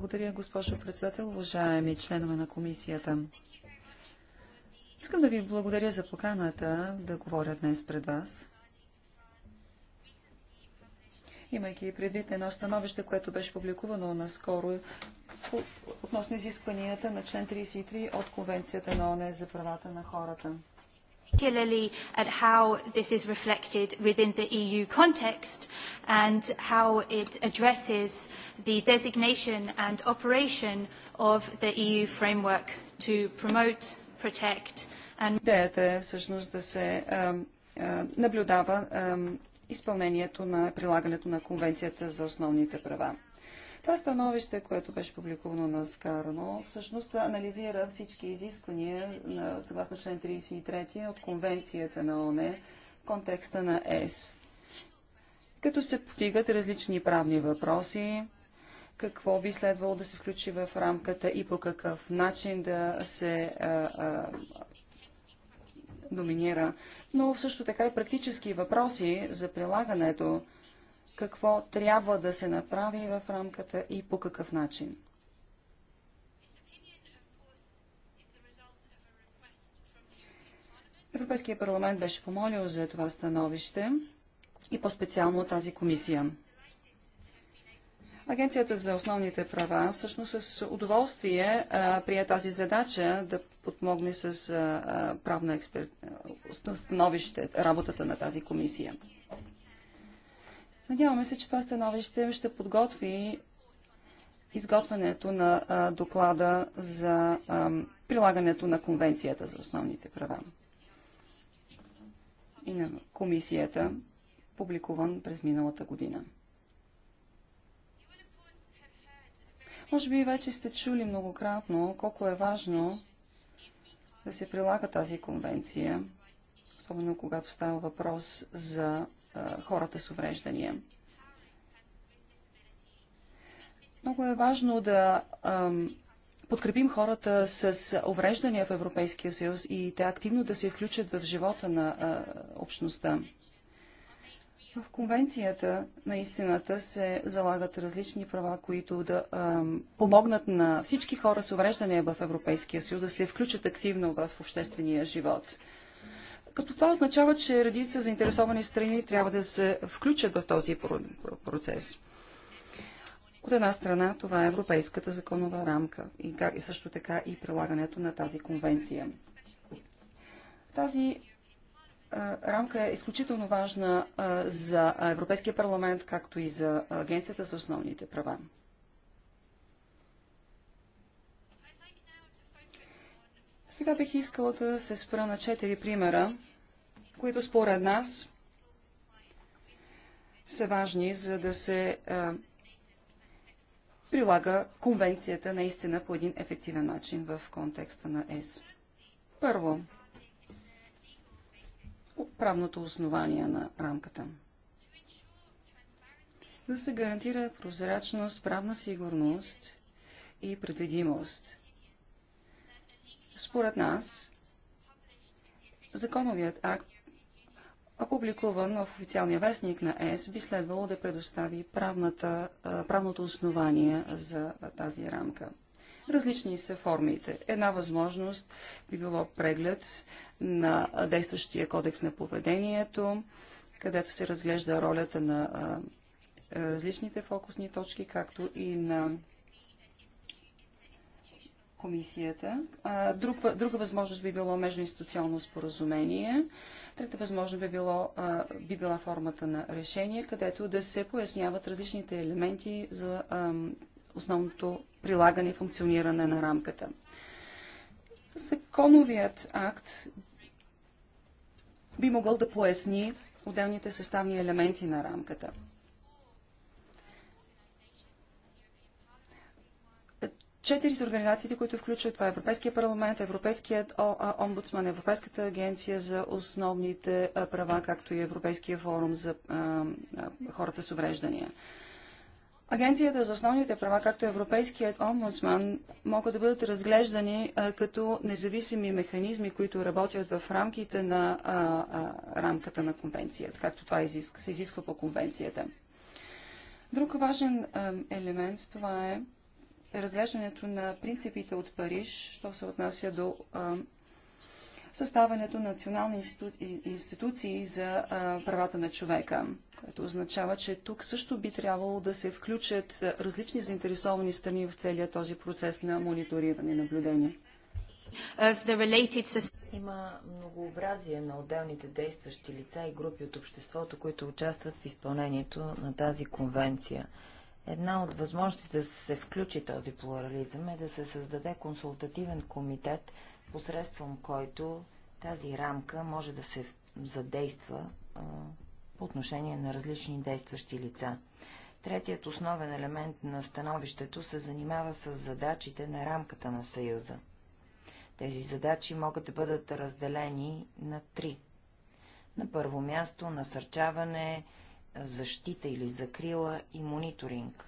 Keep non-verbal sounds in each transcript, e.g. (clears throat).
Благодаря, госпожо председател, уважаеми членове на комисията. Искам да ви благодаря за поканата да говоря днес пред вас. Имайки предвид едно становище, което беше публикувано наскоро относно изискванията на член 33 от Конвенцията на ОНЕ за правата на хората particularly at how this is reflected within the EU context and how it addresses the designation and operation of the EU framework to promote, protect and... Идеята е всъщност да се наблюдава изпълнението на прилагането на Конвенцията за основните права. Това становище, което беше публикувано Скарно, всъщност анализира всички изисквания на, съгласно член 33 от Конвенцията на ОНЕ в контекста на ЕС. Като се повдигат различни правни въпроси, какво би следвало да се включи в рамката и по какъв начин да се а, а, доминира, но също така и практически въпроси за прилагането какво трябва да се направи в рамката и по какъв начин. Европейския парламент беше помолил за това становище и по-специално тази комисия. Агенцията за основните права всъщност с удоволствие а, прие тази задача да подмогне с а, правна експерт... становище работата на тази комисия. Надяваме се, че това становище ще подготви изготвянето на доклада за прилагането на Конвенцията за основните права и на комисията, публикуван през миналата година. Може би вече сте чули многократно колко е важно да се прилага тази конвенция, особено когато става въпрос за хората с увреждания. Много е важно да подкрепим хората с увреждания в Европейския съюз и те активно да се включат в живота на общността. В конвенцията на истината се залагат различни права, които да а, помогнат на всички хора с увреждания в Европейския съюз да се включат активно в обществения живот. Като това означава, че редица заинтересовани страни трябва да се включат в този процес. От една страна, това е европейската законова рамка и, също така и прилагането на тази конвенция. Тази рамка е изключително важна за Европейския парламент, както и за Агенцията за основните права. Сега бих искала да се спра на четири примера, които според нас са важни, за да се а, прилага конвенцията наистина по един ефективен начин в контекста на ЕС. Първо, правното основание на рамката. Да се гарантира прозрачност, правна сигурност и предвидимост според нас, законовият акт, опубликуван в официалния вестник на ЕС, би следвало да предостави правната, правното основание за тази рамка. Различни са формите. Една възможност би било преглед на действащия кодекс на поведението, където се разглежда ролята на различните фокусни точки, както и на комисията. Друг, друга възможност би било междуинституционно споразумение. Трета възможност би, било, би била формата на решение, където да се поясняват различните елементи за основното прилагане и функциониране на рамката. Законовият акт би могъл да поясни отделните съставни елементи на рамката. Четири са организациите, които включват това е Европейския парламент, Европейският омбудсман, Европейската агенция за основните права, както и Европейския форум за хората с увреждания. Агенцията за основните права, както Европейският омбудсман, могат да бъдат разглеждани а, като независими механизми, които работят в рамките на а, а, рамката на конвенцията, както това изиск, се изисква по конвенцията. Друг важен елемент това е разглеждането на принципите от Париж, що се отнася до съставането на национални институции за правата на човека, което означава, че тук също би трябвало да се включат различни заинтересовани страни в целия този процес на мониториране и наблюдение. Related... Има многообразие на отделните действащи лица и групи от обществото, които участват в изпълнението на тази конвенция. Една от възможностите да се включи този плурализъм е да се създаде консултативен комитет, посредством който тази рамка може да се задейства по отношение на различни действащи лица. Третият основен елемент на становището се занимава с задачите на рамката на Съюза. Тези задачи могат да бъдат разделени на три. На първо място насърчаване защита или закрила и мониторинг.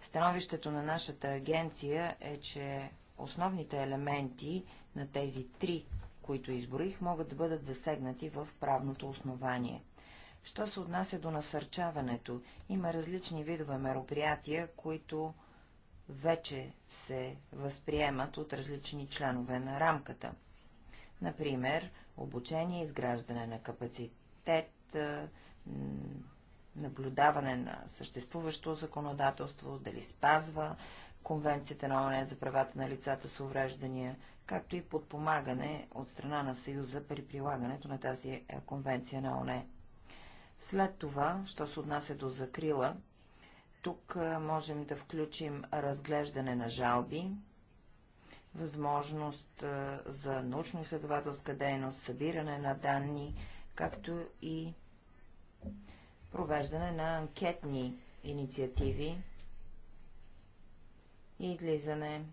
Становището на нашата агенция е, че основните елементи на тези три, които изброих, могат да бъдат засегнати в правното основание. Що се отнася до насърчаването, има различни видове мероприятия, които вече се възприемат от различни членове на рамката. Например, обучение, изграждане на капацитет, наблюдаване на съществуващо законодателство, дали спазва Конвенцията на ОНЕ за правата на лицата с увреждания, както и подпомагане от страна на Съюза при прилагането на тази е, Конвенция на ОНЕ. След това, що се отнася до закрила, тук е, можем да включим разглеждане на жалби, възможност е, за научно-изследователска дейност, събиране на данни, както и провеждане на анкетни инициативи и излизане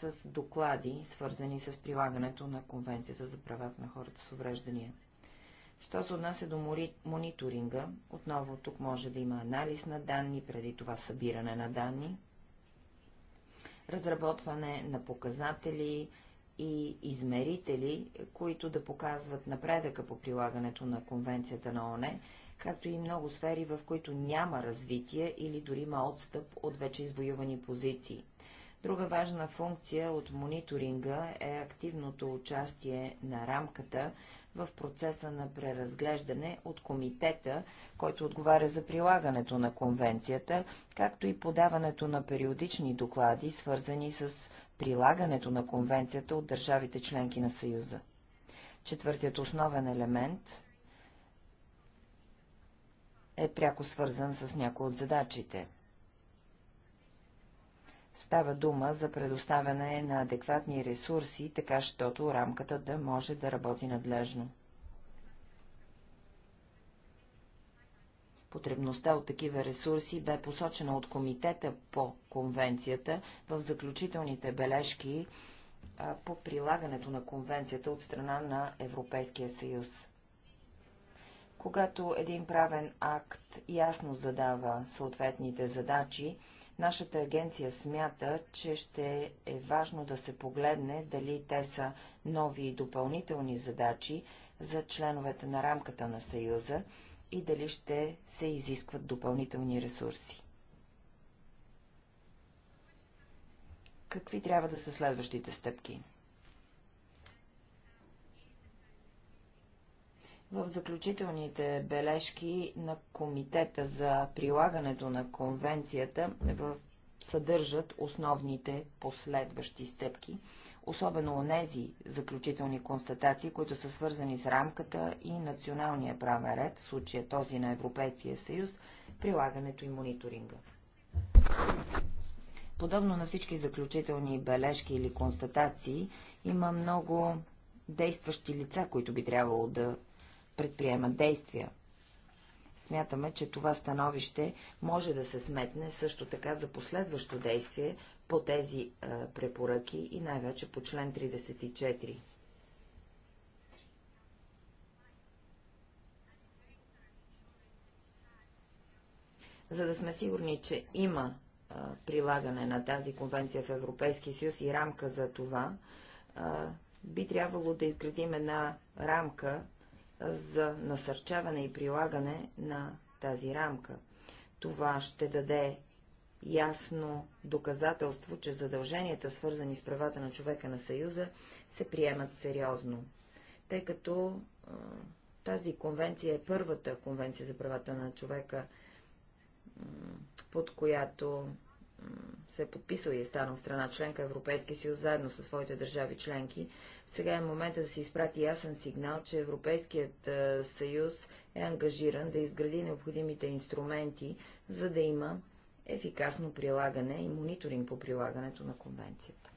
с доклади, свързани с прилагането на Конвенцията за правата на хората с увреждания. Що се отнася до мониторинга, отново тук може да има анализ на данни, преди това събиране на данни, разработване на показатели и измерители, които да показват напредъка по прилагането на Конвенцията на ОНЕ както и много сфери, в които няма развитие или дори има отстъп от вече извоювани позиции. Друга важна функция от мониторинга е активното участие на рамката в процеса на преразглеждане от комитета, който отговаря за прилагането на конвенцията, както и подаването на периодични доклади, свързани с прилагането на конвенцията от държавите членки на Съюза. Четвъртият основен елемент е пряко свързан с някои от задачите. Става дума за предоставяне на адекватни ресурси, така щото рамката да може да работи надлежно. Потребността от такива ресурси бе посочена от комитета по конвенцията в заключителните бележки по прилагането на конвенцията от страна на Европейския съюз. Когато един правен акт ясно задава съответните задачи, нашата агенция смята, че ще е важно да се погледне дали те са нови и допълнителни задачи за членовете на рамката на Съюза и дали ще се изискват допълнителни ресурси. Какви трябва да са следващите стъпки? В заключителните бележки на Комитета за прилагането на конвенцията в съдържат основните последващи стъпки, особено онези заключителни констатации, които са свързани с рамката и националния правен ред, в случая този на Европейския съюз, прилагането и мониторинга. Подобно на всички заключителни бележки или констатации, има много действащи лица, които би трябвало да предприемат действия. Смятаме, че това становище може да се сметне също така за последващо действие по тези е, препоръки и най-вече по член 34. За да сме сигурни, че има а, е, прилагане на тази конвенция в Европейския съюз и рамка за това, а, е, би трябвало да изградим една рамка за насърчаване и прилагане на тази рамка. Това ще даде ясно доказателство, че задълженията, свързани с правата на човека на Съюза, се приемат сериозно, тъй като тази конвенция е първата конвенция за правата на човека, под която се е подписал и е станал страна членка Европейския съюз заедно със своите държави членки, сега е момента да се изпрати ясен сигнал, че Европейският е, съюз е ангажиран да изгради необходимите инструменти, за да има ефикасно прилагане и мониторинг по прилагането на конвенцията.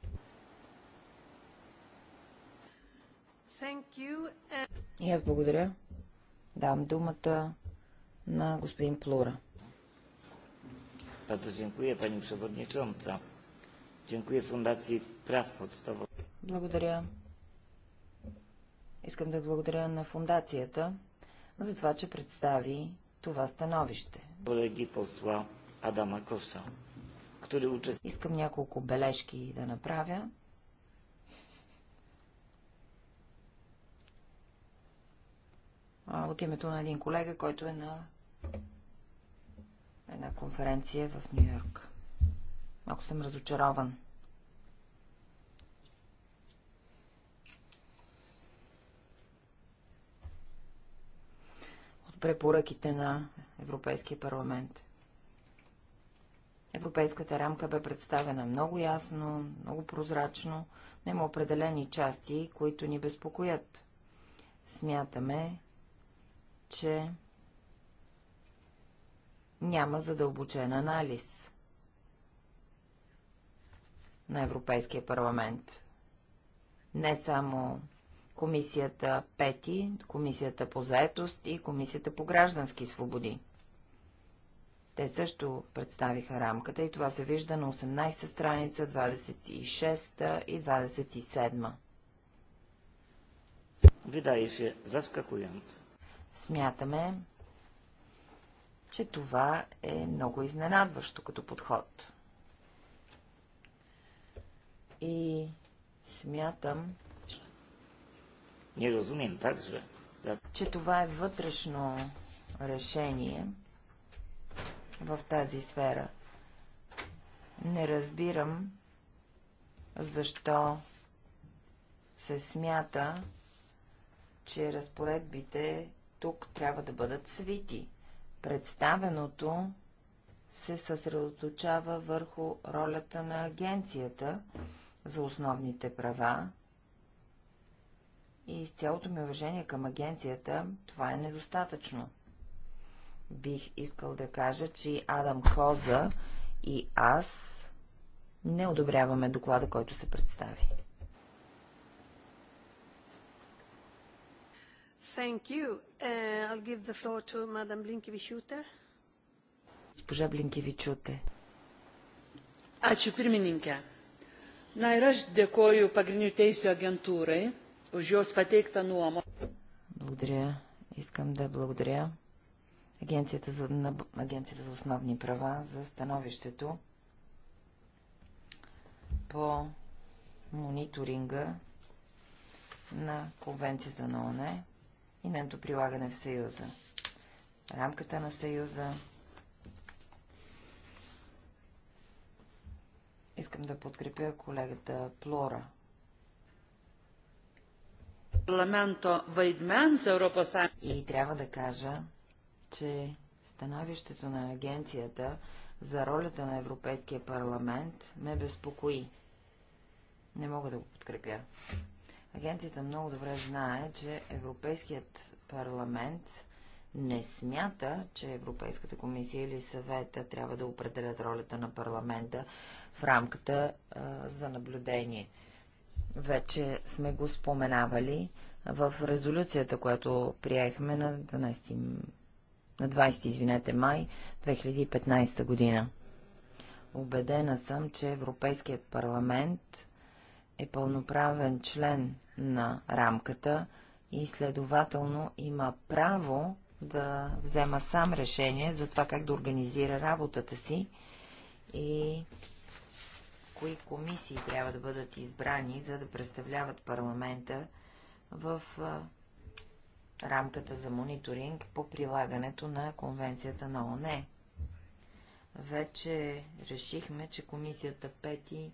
И аз благодаря. Дам думата на господин Плура. Bardzo dziękuję Pani Przewodnicząca. Dziękuję Fundacji Praw Podstawowych. Благодаря. Искам да благодаря на фундацията за това, че представи това становище. Колеги посла Адама Коса, който участва... Искам няколко бележки да направя. От името на един колега, който е на една конференция в Нью Йорк. Малко съм разочарован. От препоръките на Европейския парламент. Европейската рамка бе представена много ясно, много прозрачно, но има определени части, които ни безпокоят. Смятаме, че няма задълбочен анализ на Европейския парламент. Не само Комисията Пети, Комисията по заетост и Комисията по граждански свободи. Те също представиха рамката и това се вижда на 18 страница, 26 и 27. Wydaje się zaskakujące. Смятаме, че това е много изненадващо като подход. И смятам, не разумим также, да. че това е вътрешно решение в тази сфера. Не разбирам защо се смята, че разпоредбите тук трябва да бъдат свити. Представеното се съсредоточава върху ролята на агенцията за основните права и с цялото ми уважение към агенцията това е недостатъчно. Бих искал да кажа, че и Адам Хоза и аз не одобряваме доклада, който се представи. Thank you. Uh, I'll give the floor to Madam Blinkevičiūtė. Госпожа Блинкевичуте. Ačiū pirmininkė. Na ir aš dėkoju pagrindinių teisų agentūrai už jos pateiktą nuomonę. Благодаря. Искам да благодаря Агенцията за, на Агенцията за основни права за становището по мониторинга на Конвенцията на ОНЕ и нейното прилагане в Съюза. Рамката на Съюза. Искам да подкрепя колегата Плора. И трябва да кажа, че становището на агенцията за ролята на Европейския парламент ме безпокои. Не мога да го подкрепя. Агенцията много добре знае, че Европейският парламент не смята, че Европейската комисия или съвета трябва да определят ролята на парламента в рамката а, за наблюдение. Вече сме го споменавали в резолюцията, която приехме на 12 на 20, извинете, май 2015 година. Обедена съм, че Европейският парламент е пълноправен член на рамката и следователно има право да взема сам решение за това как да организира работата си и кои комисии трябва да бъдат избрани, за да представляват парламента в рамката за мониторинг по прилагането на Конвенцията на ОНЕ. Вече решихме, че комисията Пети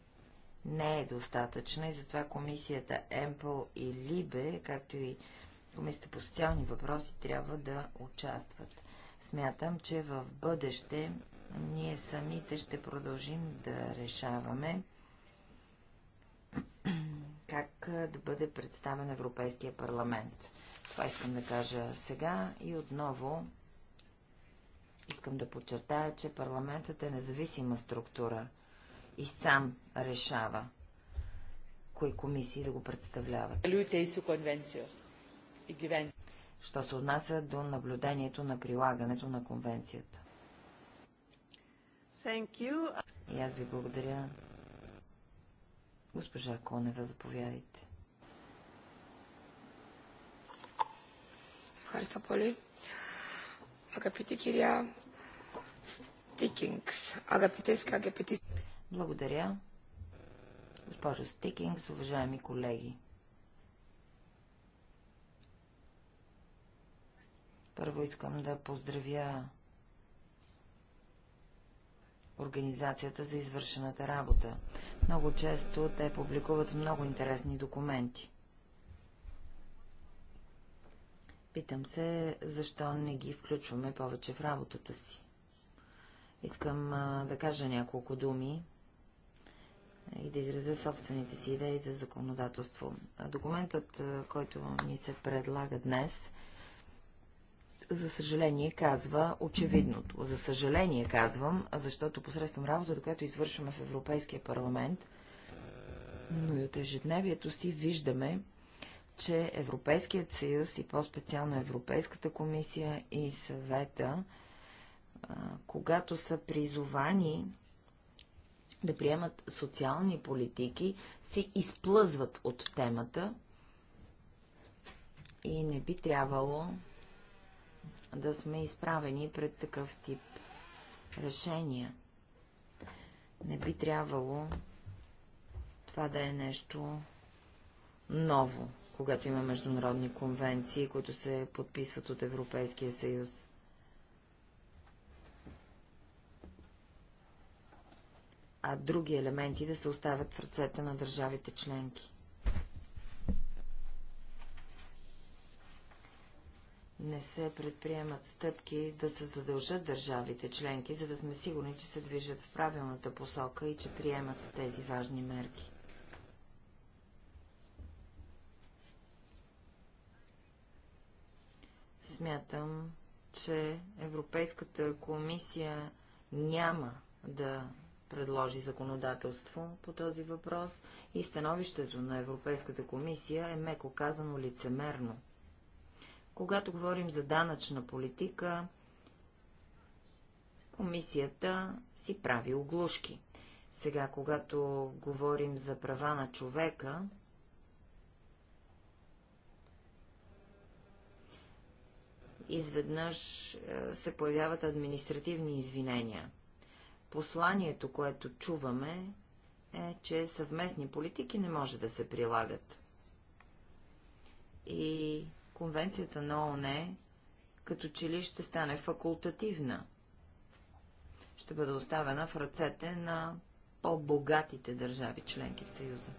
не е достатъчна и затова комисията ЕМПЛ и ЛИБЕ, както и комисията по социални въпроси, трябва да участват. Смятам, че в бъдеще ние самите ще продължим да решаваме как да бъде представен Европейския парламент. Това искам да кажа сега и отново искам да подчертая, че парламентът е независима структура – и сам решава кои комисии да го представляват. Що се отнася до наблюдението на прилагането на конвенцията. И аз ви благодаря. Госпожа Конева, заповядайте. Харста Поли. Αγαπητή Кирия. Стикингс. αγαπητές και благодаря. Госпожо Стикингс, уважаеми колеги. Първо искам да поздравя организацията за извършената работа. Много често те публикуват много интересни документи. Питам се, защо не ги включваме повече в работата си. Искам а, да кажа няколко думи и да изразя собствените си идеи за законодателство. Документът, който ни се предлага днес, за съжаление казва очевидното. За съжаление казвам, защото посредством работата, която извършваме в Европейския парламент, но и от ежедневието си виждаме, че Европейският съюз и по-специално Европейската комисия и съвета, когато са призовани да приемат социални политики, се изплъзват от темата и не би трябвало да сме изправени пред такъв тип решения. Не би трябвало това да е нещо ново, когато има международни конвенции, които се подписват от Европейския съюз. а други елементи да се оставят в ръцете на държавите членки. Не се предприемат стъпки да се задължат държавите членки, за да сме сигурни, че се движат в правилната посока и че приемат тези важни мерки. Смятам, че Европейската комисия няма да предложи законодателство по този въпрос и становището на Европейската комисия е меко казано лицемерно. Когато говорим за данъчна политика, комисията си прави оглушки. Сега, когато говорим за права на човека, изведнъж е, се появяват административни извинения – посланието, което чуваме, е, че съвместни политики не може да се прилагат. И конвенцията на ООН е, като че ли ще стане факултативна. Ще бъде оставена в ръцете на по-богатите държави членки в Съюза.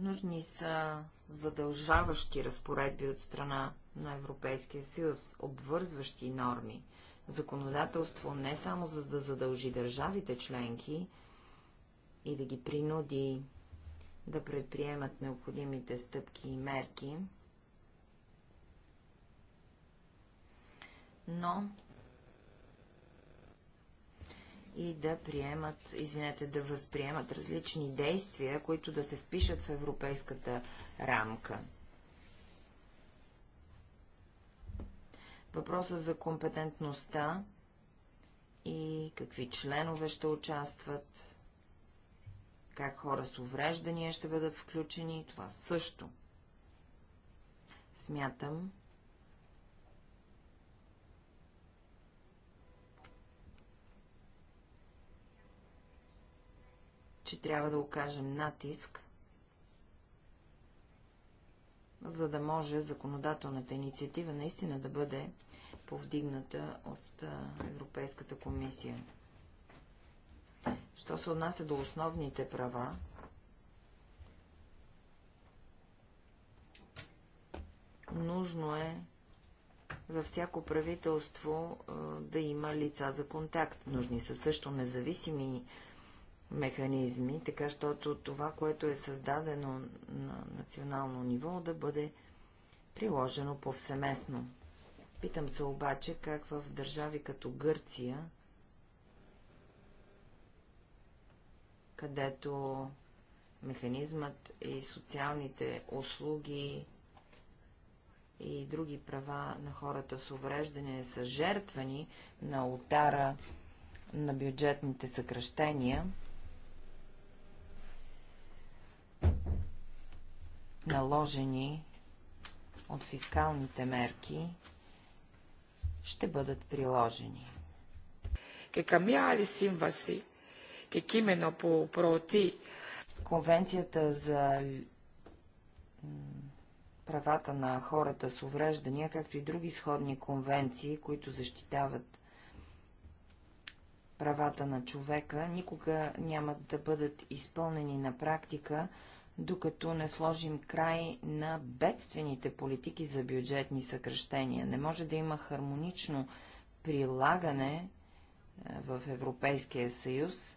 Нужни са задължаващи разпоредби от страна на Европейския съюз, обвързващи норми, законодателство не само за да задължи държавите членки и да ги принуди да предприемат необходимите стъпки и мерки, но и да приемат, извинете, да възприемат различни действия, които да се впишат в европейската рамка. Въпроса за компетентността и какви членове ще участват, как хора с увреждания ще бъдат включени, това също. Смятам, че трябва да окажем натиск, за да може законодателната инициатива наистина да бъде повдигната от Европейската комисия. Що се отнася до основните права, нужно е във всяко правителство да има лица за контакт. Нужни са също независими механизми, така щото това, което е създадено на национално ниво, да бъде приложено повсеместно. Питам се обаче как в държави като Гърция, където механизмът и социалните услуги и други права на хората с увреждане са жертвани на ултара на бюджетните съкръщения, наложени от фискалните мерки, ще бъдат приложени. Che cambiare sinvasi, che chimeno по проти. Конвенцията за правата на хората с увреждания, както и други сходни конвенции, които защитават правата на човека, никога няма да бъдат изпълнени на практика, докато не сложим край на бедствените политики за бюджетни съкръщения. Не може да има хармонично прилагане е, в Европейския съюз,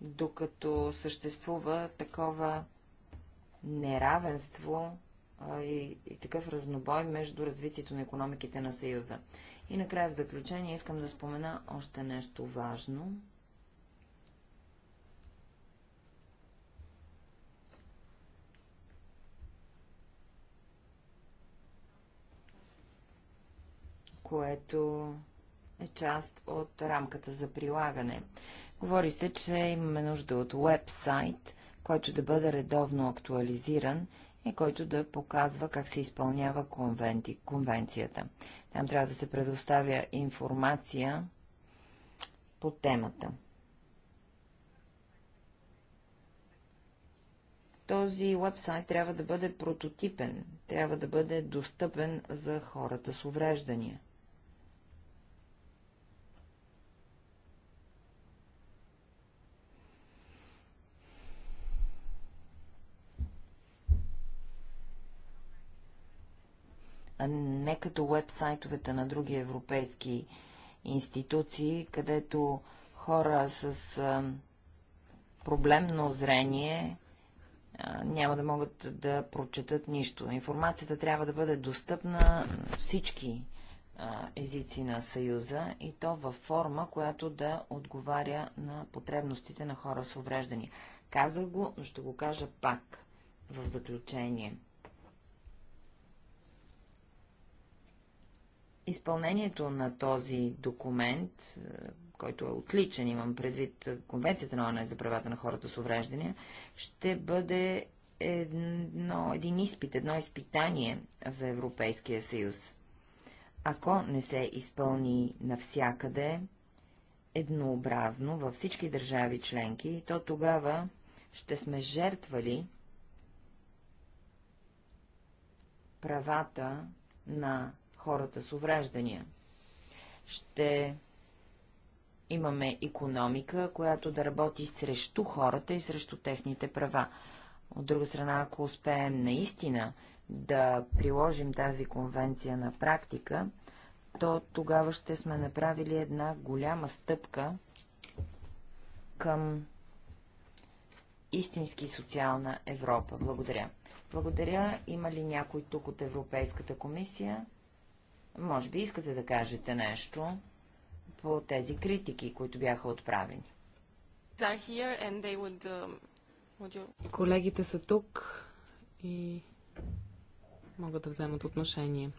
докато съществува такова неравенство и, и такъв разнобой между развитието на економиките на Съюза. И накрая в заключение искам да спомена още нещо важно. което е част от рамката за прилагане. Говори се, че имаме нужда от уебсайт, който да бъде редовно актуализиран и който да показва как се изпълнява конвенти, конвенцията. Там трябва да се предоставя информация по темата. Този вебсайт трябва да бъде прототипен, трябва да бъде достъпен за хората с увреждания. не като вебсайтовете на други европейски институции, където хора с а, проблемно зрение а, няма да могат да прочетат нищо. Информацията трябва да бъде достъпна всички а, езици на Съюза и то във форма, която да отговаря на потребностите на хора с увреждания. Казах го, но ще го кажа пак в заключение – изпълнението на този документ, е, който е отличен, имам предвид Конвенцията на ОНЕ за правата на хората с увреждания, ще бъде едно, един изпит, едно изпитание за Европейския съюз. Ако не се изпълни навсякъде, еднообразно, във всички държави членки, то тогава ще сме жертвали правата на хората с увреждания. Ще имаме економика, която да работи срещу хората и срещу техните права. От друга страна, ако успеем наистина да приложим тази конвенция на практика, то тогава ще сме направили една голяма стъпка към истински социална Европа. Благодаря. Благодаря. Има ли някой тук от Европейската комисия? Може би искате да кажете нещо по тези критики, които бяха отправени. Um, Колегите са тук и могат да вземат отношение.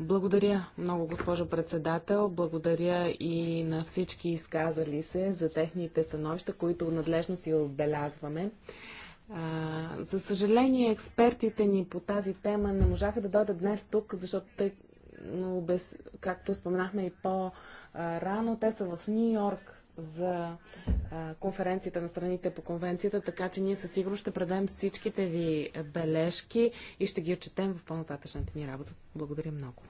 Благодаря много, госпожо председател. Благодаря и на всички изказали се за техните становища, които надлежно си отбелязваме. А, за съжаление, експертите ни по тази тема не можаха да дойдат днес тук, защото тъй, без както споменахме и по-рано, те са в Нью Йорк за конференцията на страните по конвенцията, така че ние със сигурност ще предадем всичките ви бележки и ще ги отчетем в по-нататъчната ни работа. Благодаря много.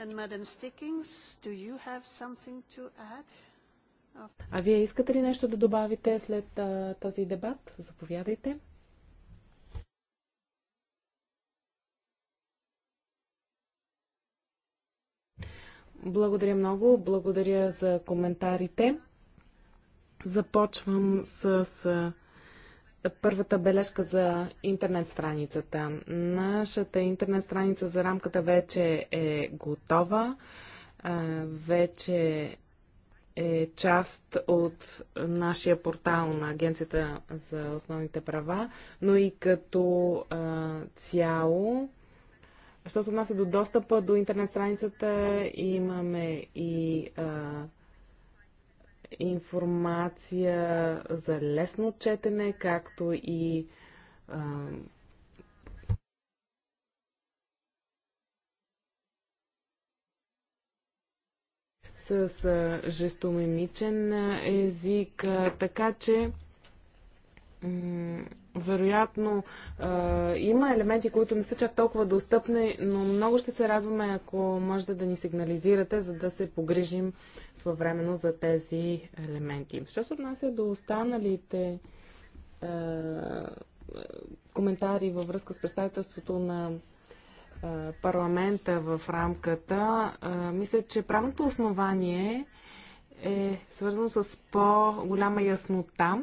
And Madam Stickings, do you have something to add? А вие искате ли нещо да добавите след а, този дебат? Заповядайте. Благодаря много. Благодаря за коментарите. Започвам с първата бележка за интернет страницата. Нашата интернет страница за рамката вече е готова. Вече е част от нашия портал на Агенцията за основните права, но и като цяло Що се отнася до достъпа до интернет страницата, имаме и а, информация за лесно четене, както и а, с жестомимичен език, така че вероятно а, има елементи, които не са чак толкова достъпни, но много ще се радваме, ако можете да ни сигнализирате, за да се погрижим своевременно за тези елементи. Що се отнася до останалите а, коментари във връзка с представителството на а, парламента в рамката, а, мисля, че правното основание е свързано с по-голяма яснота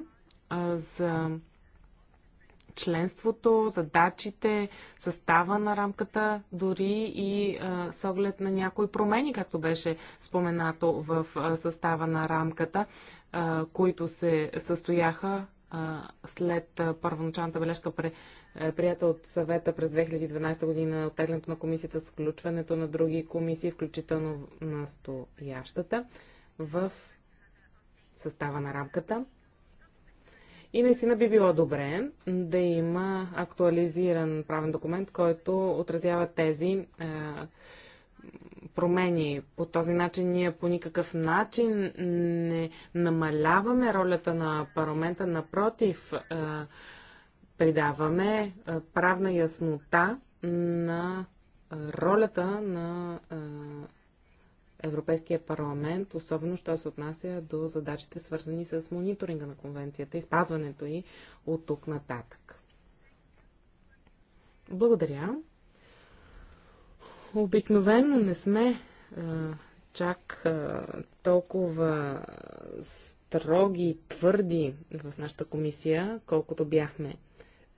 за членството, задачите, състава на рамката, дори и с оглед на някои промени, както беше споменато в състава на рамката, които се състояха след първоначалната бележка, е, прията от съвета през 2012 година, оттеглянето на комисията с включването на други комисии, включително на стоящата, в състава на рамката. И наистина би било добре да има актуализиран правен документ, който отразява тези е, промени. По този начин ние по никакъв начин не намаляваме ролята на парламента, напротив, е, придаваме правна яснота на ролята на Европейския парламент, особено що се отнася до задачите свързани с мониторинга на конвенцията и спазването й от тук нататък. Благодаря. Обикновено не сме а, чак а, толкова строги, и твърди в нашата комисия, колкото бяхме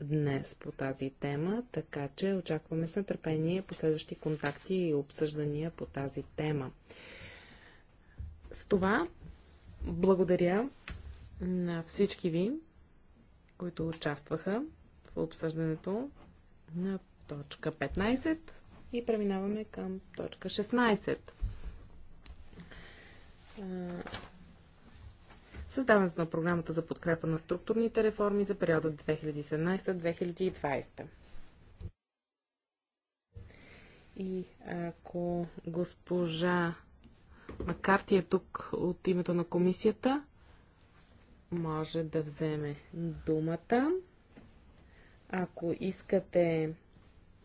днес по тази тема, така че очакваме с нетърпение последващи контакти и обсъждания по тази тема. С това благодаря на всички ви, които участваха в обсъждането на точка 15 и преминаваме към точка 16 създаването на програмата за подкрепа на структурните реформи за периода 2017-2020. И ако госпожа Макарти е тук от името на комисията, може да вземе думата. Ако искате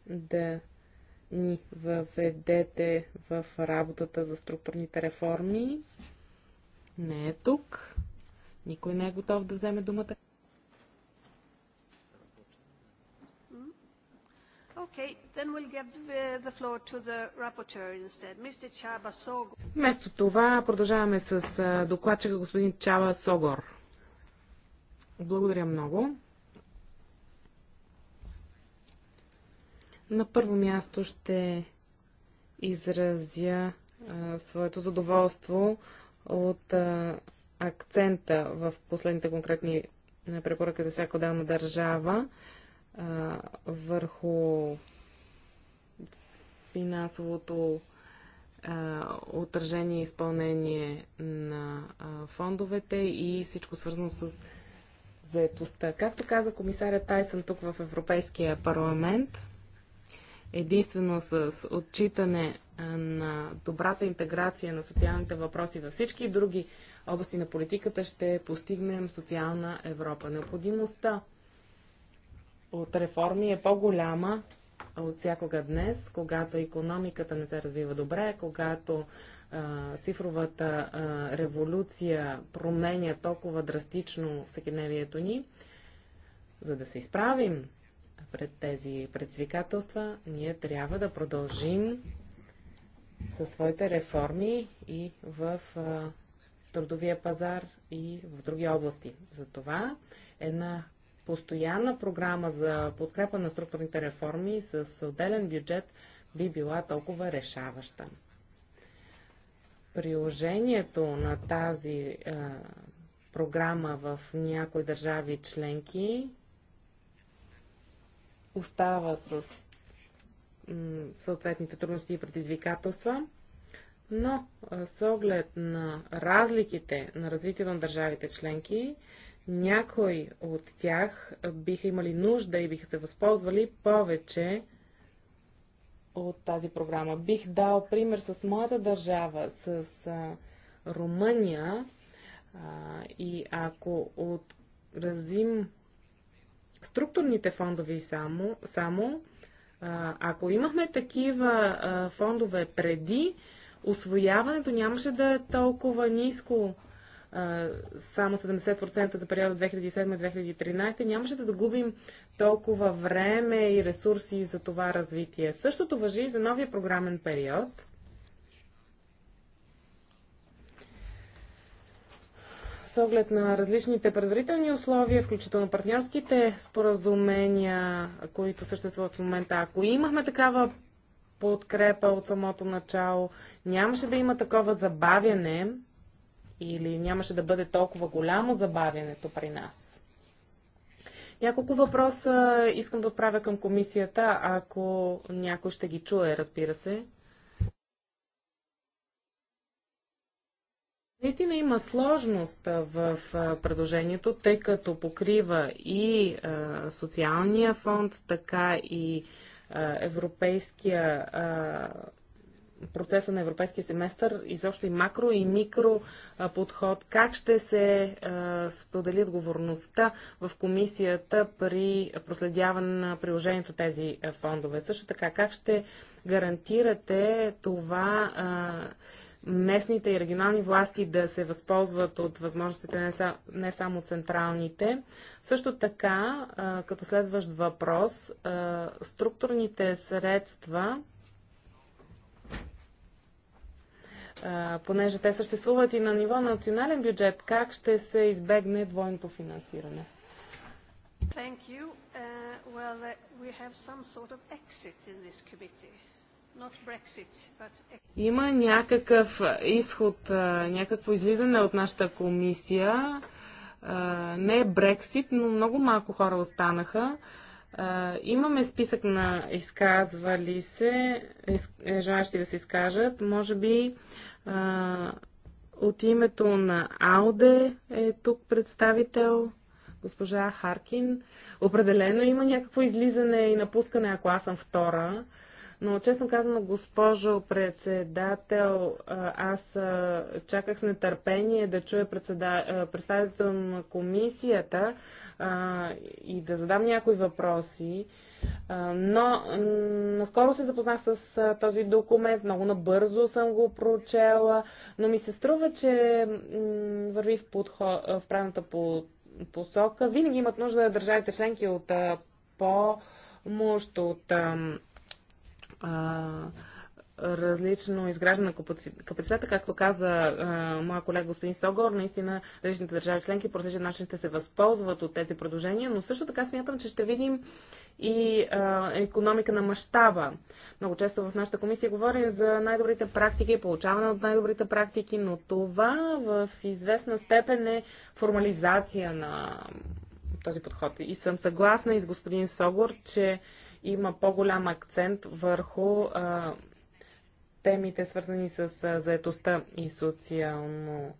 да ни въведете в работата за структурните реформи, не е тук. Никой не е готов да вземе думата. Okay, then we'll give the floor to the rapporteur instead, Mr. Chaba Sogor. Вместо това продължаваме с докладчика господин Чаба Согор. Благодаря много. На първо място ще изразя а, своето задоволство от а, акцента в последните конкретни е, препоръки за всяко дална държава а, върху финансовото а, отражение и изпълнение на а, фондовете и всичко свързано с заетостта. Както каза комисаря Тайсън тук в Европейския парламент, единствено с отчитане на добрата интеграция на социалните въпроси във всички други области на политиката ще постигнем социална Европа. Необходимостта от реформи е по-голяма от всякога днес, когато економиката не се развива добре, когато а, цифровата а, революция променя толкова драстично всекидневието ни, за да се изправим пред тези предизвикателства, ние трябва да продължим със своите реформи и в трудовия пазар и в други области. Затова една постоянна програма за подкрепа на структурните реформи с отделен бюджет би била толкова решаваща. Приложението на тази програма в някои държави членки остава с съответните трудности и предизвикателства, но с оглед на разликите на развитието на държавите членки, някои от тях биха имали нужда и биха се възползвали повече от тази програма. Бих дал пример с моята държава, с а, Румъния. А, и ако отразим структурните фондове само, само ако имахме такива а, фондове преди, освояването нямаше да е толкова ниско. А, само 70% за периода 2007-2013 нямаше да загубим толкова време и ресурси за това развитие. Същото въжи и за новия програмен период. с оглед на различните предварителни условия, включително партньорските споразумения, които съществуват в момента. Ако имахме такава подкрепа от самото начало, нямаше да има такова забавяне или нямаше да бъде толкова голямо забавянето при нас. Няколко въпроса искам да отправя към комисията, ако някой ще ги чуе, разбира се. Наистина има сложност в предложението, тъй като покрива и социалния фонд, така и европейския процеса на европейския семестър, изобщо и макро и микро подход. Как ще се сподели отговорността в комисията при проследяване на приложението тези фондове? Също така, как ще гарантирате това местните и регионални власти да се възползват от възможностите не, са, не само централните. Също така, като следващ въпрос, структурните средства, понеже те съществуват и на ниво национален бюджет, как ще се избегне двойното финансиране? Thank you. Uh, well, uh, we have some sort of exit in this committee. Има някакъв изход, някакво излизане от нашата комисия. Не е Брексит, но много малко хора останаха. Имаме списък на изказвали се, е, желащи да се изкажат. Може би от името на Ауде е тук представител госпожа Харкин. Определено има някакво излизане и напускане, ако аз съм втора. Но честно казано, госпожо председател, аз чаках с нетърпение да чуя председател на комисията и да задам някои въпроси. но наскоро се запознах с този документ, много набързо съм го прочела, но ми се струва, че върви в, подход, в правилната по... посока. Винаги имат нужда да държавите членки от помощ, от а, различно изграждане на капацитета, както каза а, моя колега господин Согор, наистина различните държави членки по различен начин ще се възползват от тези предложения, но също така смятам, че ще видим и а, економика на мащаба. Много често в нашата комисия говорим за най-добрите практики, получаване от най-добрите практики, но това в известна степен е формализация на този подход. И съм съгласна и с господин Согор, че има по-голям акцент върху а, темите, свързани с заетостта и социално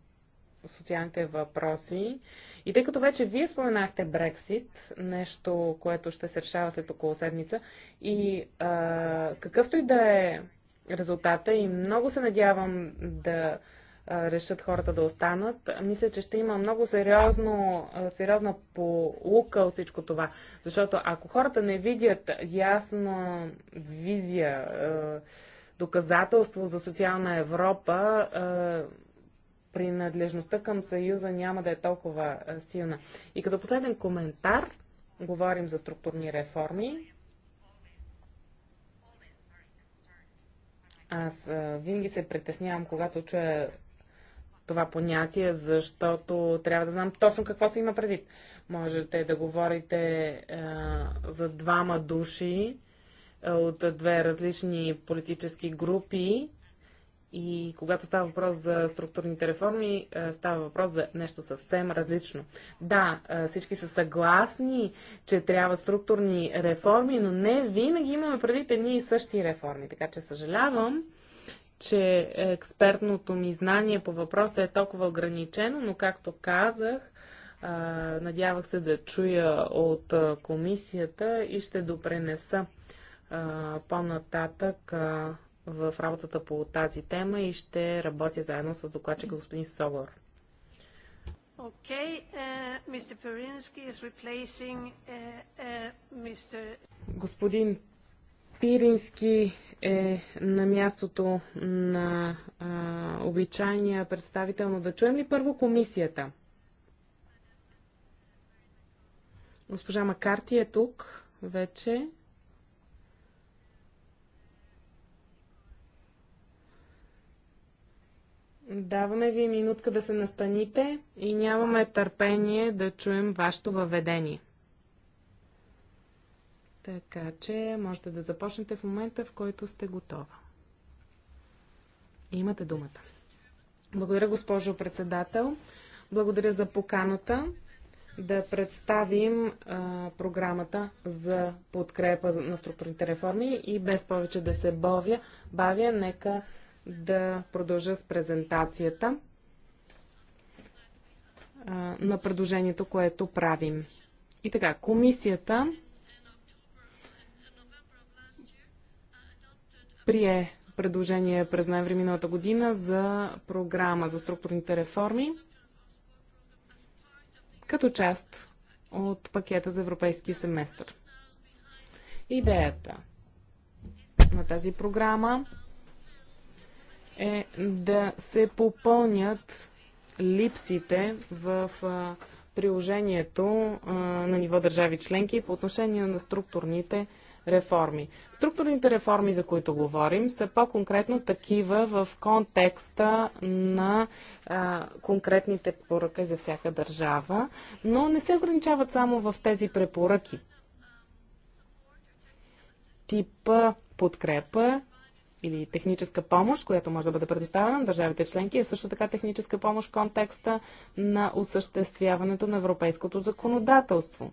социалните въпроси. И тъй като вече вие споменахте Брексит, нещо, което ще се решава след около седмица, и а, какъвто и да е резултата, и много се надявам да решат хората да останат, мисля, че ще има много сериозно, сериозна полука от всичко това. Защото ако хората не видят ясна визия, доказателство за социална Европа, принадлежността към Съюза няма да е толкова силна. И като последен коментар, говорим за структурни реформи. Аз винаги се притеснявам, когато чуя това понятие, защото трябва да знам точно какво се има предвид. Можете да говорите а, за двама души а, от две различни политически групи и когато става въпрос за структурните реформи, а, става въпрос за нещо съвсем различно. Да, а, всички са съгласни, че трябва структурни реформи, но не винаги имаме предвид едни и същи реформи. Така че съжалявам че експертното ми знание по въпроса е толкова ограничено, но както казах, надявах се да чуя от комисията и ще допренеса по-нататък в работата по тази тема и ще работя заедно с докладчика господин Согор. Okay, uh, Mr. is replacing uh, uh, Mr. Господин Пирински е на мястото на а, обичайния представител, но да чуем ли първо комисията? Госпожа Макарти е тук вече. Даваме ви минутка да се настаните и нямаме търпение да чуем вашето въведение. Така че можете да започнете в момента, в който сте готова. Имате думата. Благодаря, госпожо председател. Благодаря за поканата да представим а, програмата за подкрепа на структурните реформи и без повече да се бавя, бавя нека да продължа с презентацията а, на предложението, което правим. И така, комисията прие предложение през ноември миналата година за програма за структурните реформи като част от пакета за европейския семестър. Идеята на тази програма е да се попълнят липсите в приложението на ниво държави членки по отношение на структурните реформи реформи. Структурните реформи, за които говорим, са по-конкретно такива в контекста на а, конкретните препоръки за всяка държава, но не се ограничават само в тези препоръки. Типа подкрепа или техническа помощ, която може да бъде предоставена на държавите членки, е също така техническа помощ в контекста на осъществяването на европейското законодателство.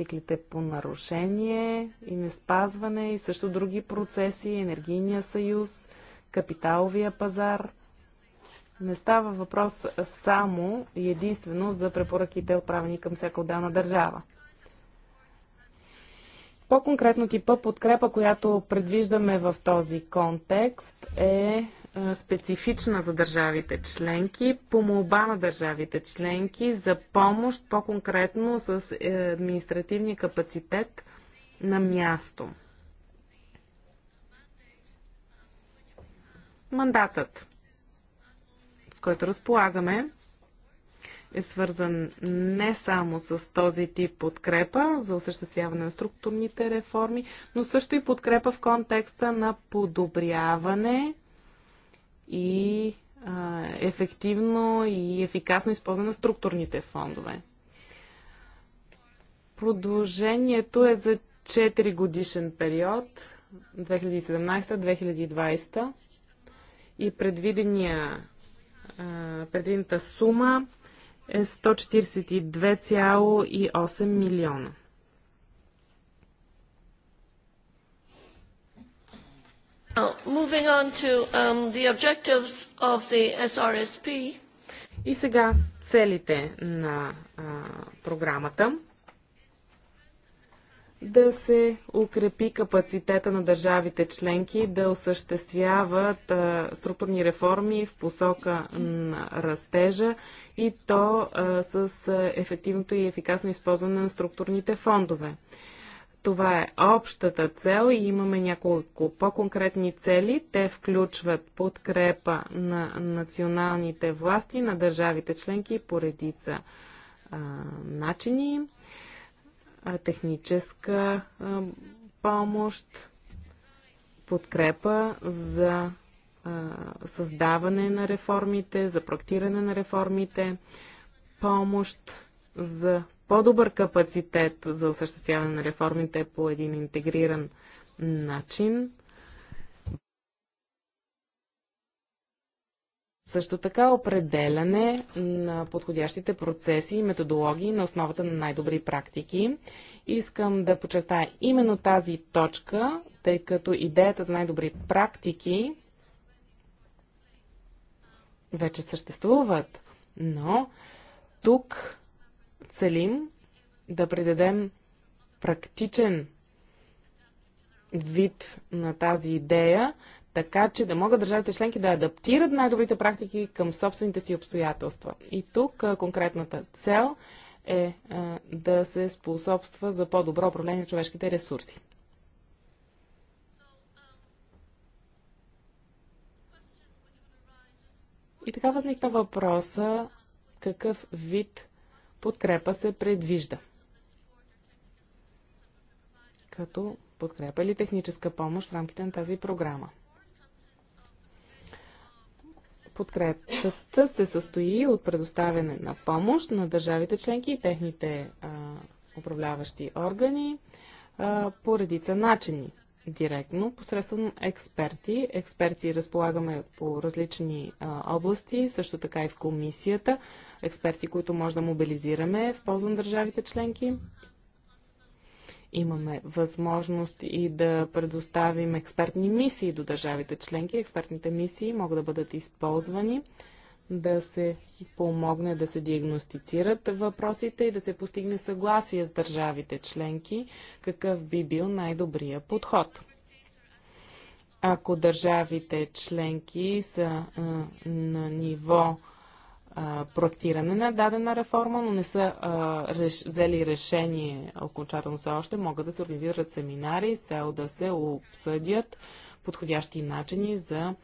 циклите по нарушение и неспазване и също други процеси, енергийния съюз, капиталовия пазар. Не става въпрос само и единствено за препоръките, отправени към всяка отделна държава. По-конкретно типа подкрепа, която предвиждаме в този контекст е специфична за държавите членки, по молба на държавите членки за помощ по-конкретно с е, административния капацитет на място. Мандатът, с който разполагаме, е свързан не само с този тип подкрепа за осъществяване на структурните реформи, но също и подкрепа в контекста на подобряване и а, ефективно и ефикасно използване на структурните фондове. Продължението е за 4 годишен период 2017-2020 и предвидения, предвидената сума е 142,8 милиона. Uh, moving on to um, the objectives of the SRSP. И сега целите на а, програмата да се укрепи капацитета на държавите членки да осъществяват а, структурни реформи в посока на растежа и то а, с ефективното и ефикасно използване на структурните фондове. Това е общата цел и имаме няколко по-конкретни цели. Те включват подкрепа на националните власти, на държавите членки по редица а, начини, а, техническа а, помощ, подкрепа за а, създаване на реформите, за проектиране на реформите, помощ за по-добър капацитет за осъществяване на реформите по един интегриран начин. Също така определяне на подходящите процеси и методологии на основата на най-добри практики. Искам да подчертая именно тази точка, тъй като идеята за най-добри практики вече съществуват, но тук целим да придадем практичен вид на тази идея, така че да могат държавите членки да адаптират най-добрите практики към собствените си обстоятелства. И тук конкретната цел е да се способства за по-добро управление на човешките ресурси. И така възникна въпроса какъв вид подкрепа се предвижда? Като подкрепа или техническа помощ в рамките на тази програма? Подкрепата се състои от предоставяне на помощ на държавите членки и техните а, управляващи органи а, по редица начини директно, посредством експерти. Експерти разполагаме по различни а, области, също така и в комисията. Експерти, които може да мобилизираме в полза на държавите членки. Имаме възможност и да предоставим експертни мисии до държавите членки. Експертните мисии могат да бъдат използвани да се помогне да се диагностицират въпросите и да се постигне съгласие с държавите членки, какъв би бил най-добрия подход. Ако държавите членки са а, на ниво а, проектиране на дадена реформа, но не са а, реш, взели решение окончателно все още, могат да се организират семинари, цел да се обсъдят подходящи начини за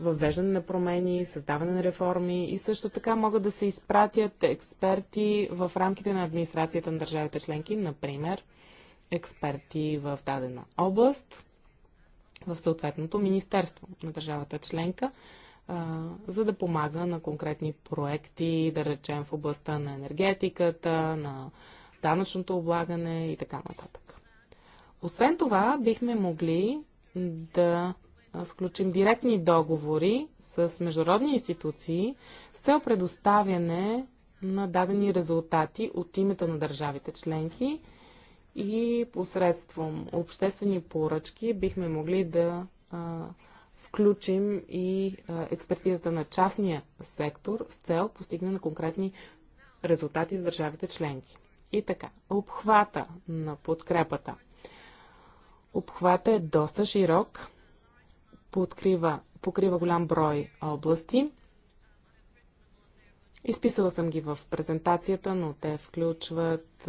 въвеждане на промени, създаване на реформи и също така могат да се изпратят експерти в рамките на администрацията на държавите членки, например експерти в дадена област, в съответното министерство на държавата членка, за да помага на конкретни проекти, да речем в областта на енергетиката, на данъчното облагане и така нататък. Освен това, бихме могли да сключим директни договори с международни институции с цел предоставяне на дадени резултати от името на държавите членки и посредством обществени поръчки бихме могли да а, включим и а, експертизата на частния сектор с цел постигане на конкретни резултати с държавите членки. И така, обхвата на подкрепата. Обхвата е доста широк подкрива, покрива голям брой области. Изписала съм ги в презентацията, но те включват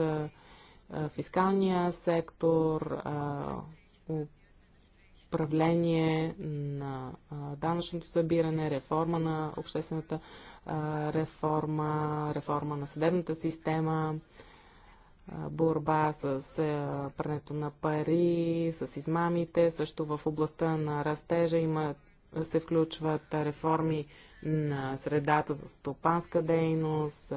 фискалния сектор, управление на данъчното събиране, реформа на обществената реформа, реформа на съдебната система, борба с прането на пари, с измамите, също в областта на растежа има се включват реформи на средата за стопанска дейност,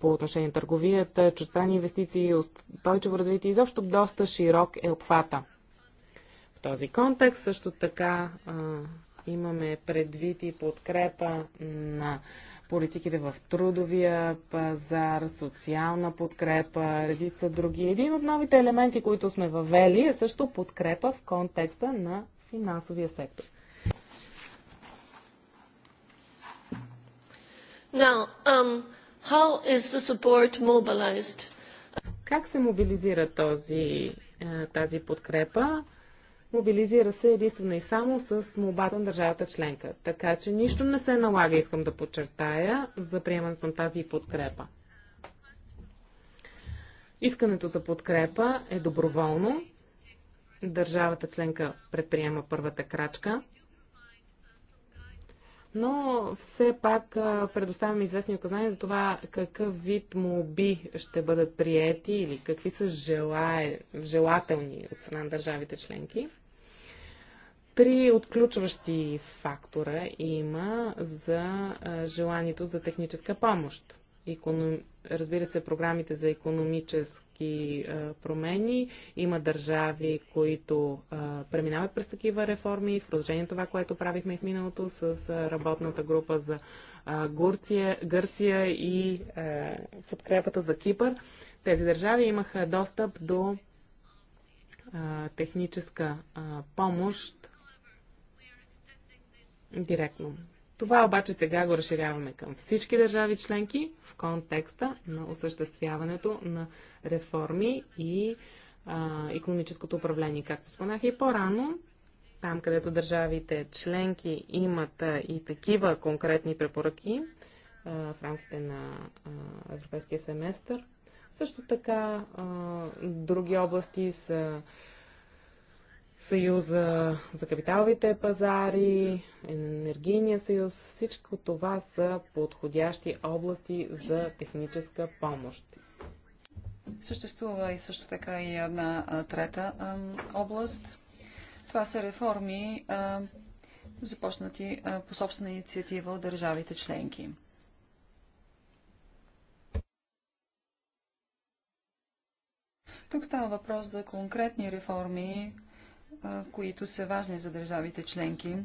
по отношение на търговията, чуждани инвестиции, устойчиво развитие. Изобщо доста широк е обхвата. В този контекст също така Имаме предвид и подкрепа на политиките в трудовия пазар, социална подкрепа, редица други. Един от новите елементи, които сме въвели е също подкрепа в контекста на финансовия сектор. Now, um, how is the support mobilized? Как се мобилизира този, е, тази подкрепа? мобилизира се единствено и само с молбата на държавата членка. Така че нищо не се налага, искам да подчертая, за приемането на тази подкрепа. Искането за подкрепа е доброволно. Държавата членка предприема първата крачка. Но все пак предоставяме известни указания за това какъв вид молби ще бъдат приети или какви са желае, желателни от страна на държавите членки. Три отключващи фактора има за желанието за техническа помощ. Разбира се, програмите за економически промени. Има държави, които преминават през такива реформи. В продължение на това, което правихме в миналото с работната група за Гурция, Гърция и подкрепата за Кипър, тези държави имаха достъп до техническа помощ директно. Това обаче сега го разширяваме към всички държави членки в контекста на осъществяването на реформи и а, економическото управление. Както споменах и по-рано, там където държавите членки имат и такива конкретни препоръки а, в рамките на а, европейския семестър, също така а, други области са съюза за капиталовите пазари, енергийния съюз, всичко това са подходящи области за техническа помощ. Съществува и също така и една а, трета а, област. Това са реформи, а, започнати по собствена инициатива от държавите членки. Тук става въпрос за конкретни реформи, които са важни за държавите членки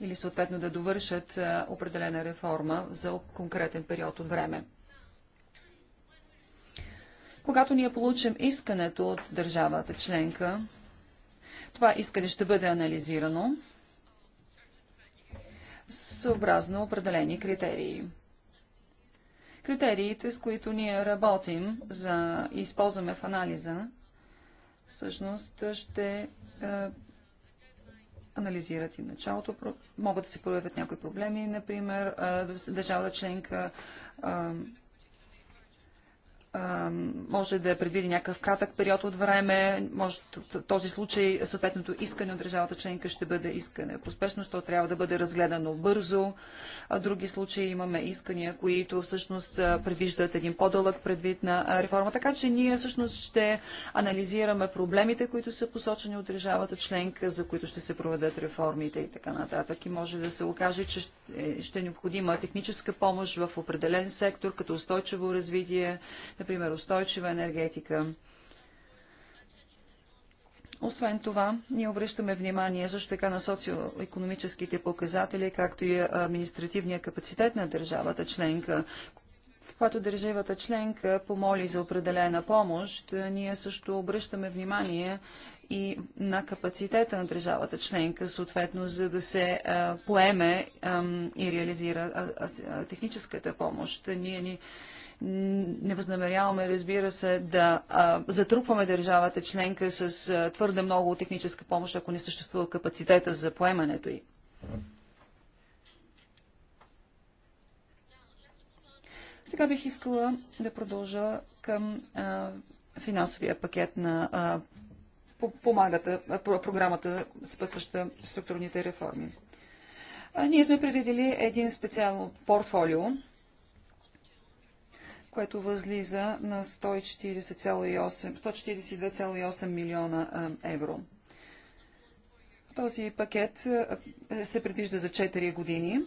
или съответно да довършат определена реформа за конкретен период от време. Когато ние получим искането от държавата членка, това искане ще бъде анализирано съобразно определени критерии. Критериите, с които ние работим за използваме в анализа, всъщност ще е, анализират и началото. Могат да се проявят някои проблеми, например, е, държава членка е, може да предвиди някакъв кратък период от време, може в този случай съответното искане от държавата членка ще бъде искане по спешност, то трябва да бъде разгледано бързо. А други случаи имаме искания, които всъщност предвиждат един по-дълъг предвид на реформа. Така че ние всъщност ще анализираме проблемите, които са посочени от държавата членка, за които ще се проведат реформите и така нататък. И може да се окаже, че ще е, е необходима техническа помощ в определен сектор, като устойчиво развитие, например устойчива енергетика. Освен това, ние обръщаме внимание също така на социо-економическите показатели, както и административния капацитет на държавата членка. Когато държавата членка помоли за определена помощ, ние също обръщаме внимание и на капацитета на държавата членка, съответно, за да се а, поеме а, и реализира а, техническата помощ. Ние ни не възнамеряваме, разбира се, да а, затрупваме държавата членка с а, твърде много техническа помощ, ако не съществува капацитета за поемането й. Сега бих искала да продължа към а, финансовия пакет на а, помагата, програмата, спъсваща структурните реформи. А, ние сме предвидели един специално портфолио което възлиза на 142,8 милиона евро. Този пакет се предвижда за 4 години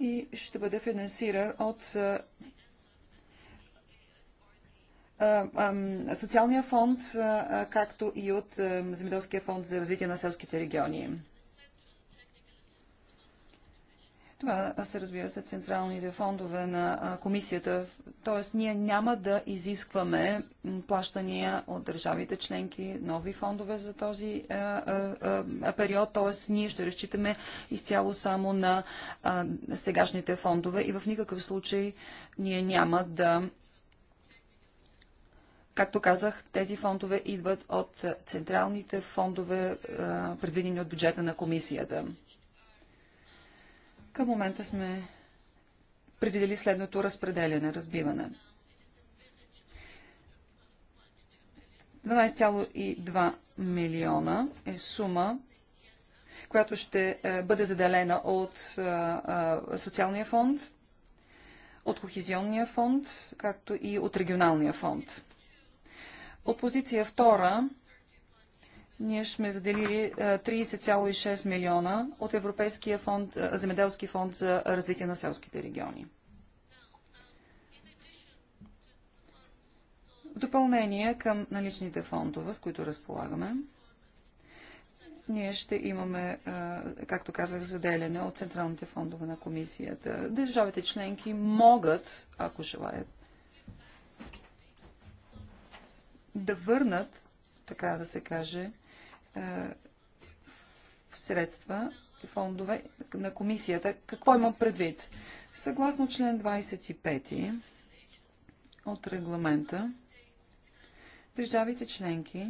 и ще бъде финансиран от социалния фонд, както и от Земеделския фонд за развитие на селските региони. Това се разбира се централните фондове на комисията. Тоест ние няма да изискваме плащания от държавите членки, нови фондове за този период. Тоест ние ще разчитаме изцяло само на сегашните фондове и в никакъв случай ние няма да Както казах, тези фондове идват от централните фондове, предвидени от бюджета на комисията. Към момента сме предвидели следното разпределяне, разбиване. 12,2 милиона е сума, която ще е, бъде заделена от е, е, социалния фонд, от Кохизионния фонд, както и от регионалния фонд. От позиция втора ние сме заделили 30,6 е, милиона от Европейския фонд, е, земеделски фонд за развитие на селските региони. В допълнение към наличните фондове, с които разполагаме, ние ще имаме, е, както казах, заделяне от централните фондове на комисията. Държавите членки могат, ако желаят, да върнат, така да се каже, е, средства, фондове на комисията. Какво имам предвид? Съгласно член 25 от регламента, държавите членки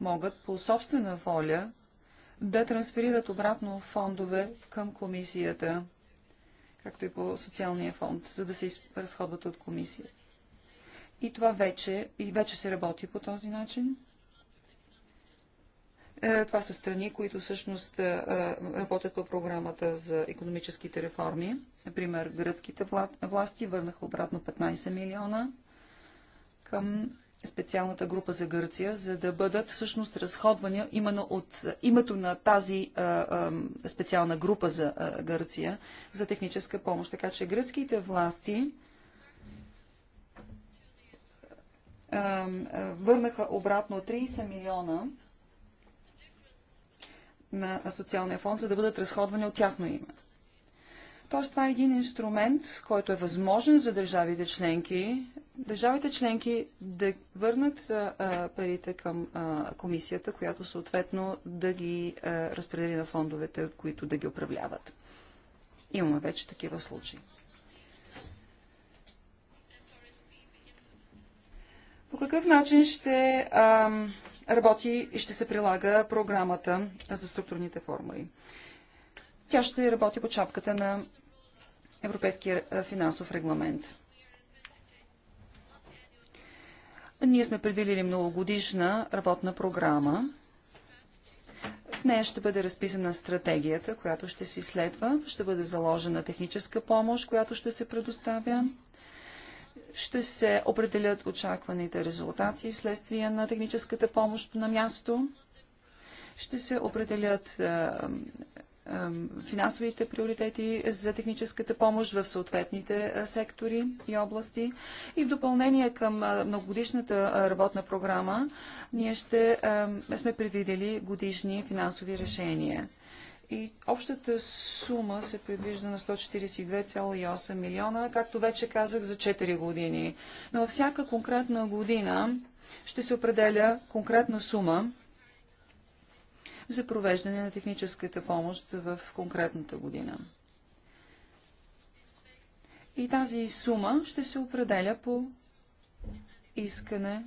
могат по собствена воля да трансферират обратно фондове към комисията, както и по социалния фонд, за да се изразходват от комисията. И това вече, и вече се работи по този начин. Е, това са страни, които всъщност е, е, работят по програмата за економическите реформи. Например, гръцките власти върнаха обратно 15 милиона към специалната група за Гърция, за да бъдат всъщност разходвани именно от името на тази специална група за Гърция за техническа помощ. Така че гръцките власти върнаха обратно 30 милиона на социалния фонд, за да бъдат разходвани от тяхно име. Тоест това е един инструмент, който е възможен за държавите членки. Държавите членки да върнат парите към комисията, която съответно да ги разпредели на фондовете, от които да ги управляват. Имаме вече такива случаи. По какъв начин ще а, работи и ще се прилага програмата за структурните формули? Тя ще работи по чапката на Европейския финансов регламент. Ние сме предвидили многогодишна работна програма. В нея ще бъде разписана стратегията, която ще се изследва, ще бъде заложена техническа помощ, която ще се предоставя ще се определят очакваните резултати вследствие на техническата помощ на място, ще се определят е, е, финансовите приоритети за техническата помощ в съответните е, сектори и области. И в допълнение към многогодишната работна програма, ние ще сме предвидели годишни финансови решения и общата сума се предвижда на 142,8 милиона, както вече казах, за 4 години. Но във всяка конкретна година ще се определя конкретна сума за провеждане на техническата помощ в конкретната година. И тази сума ще се определя по искане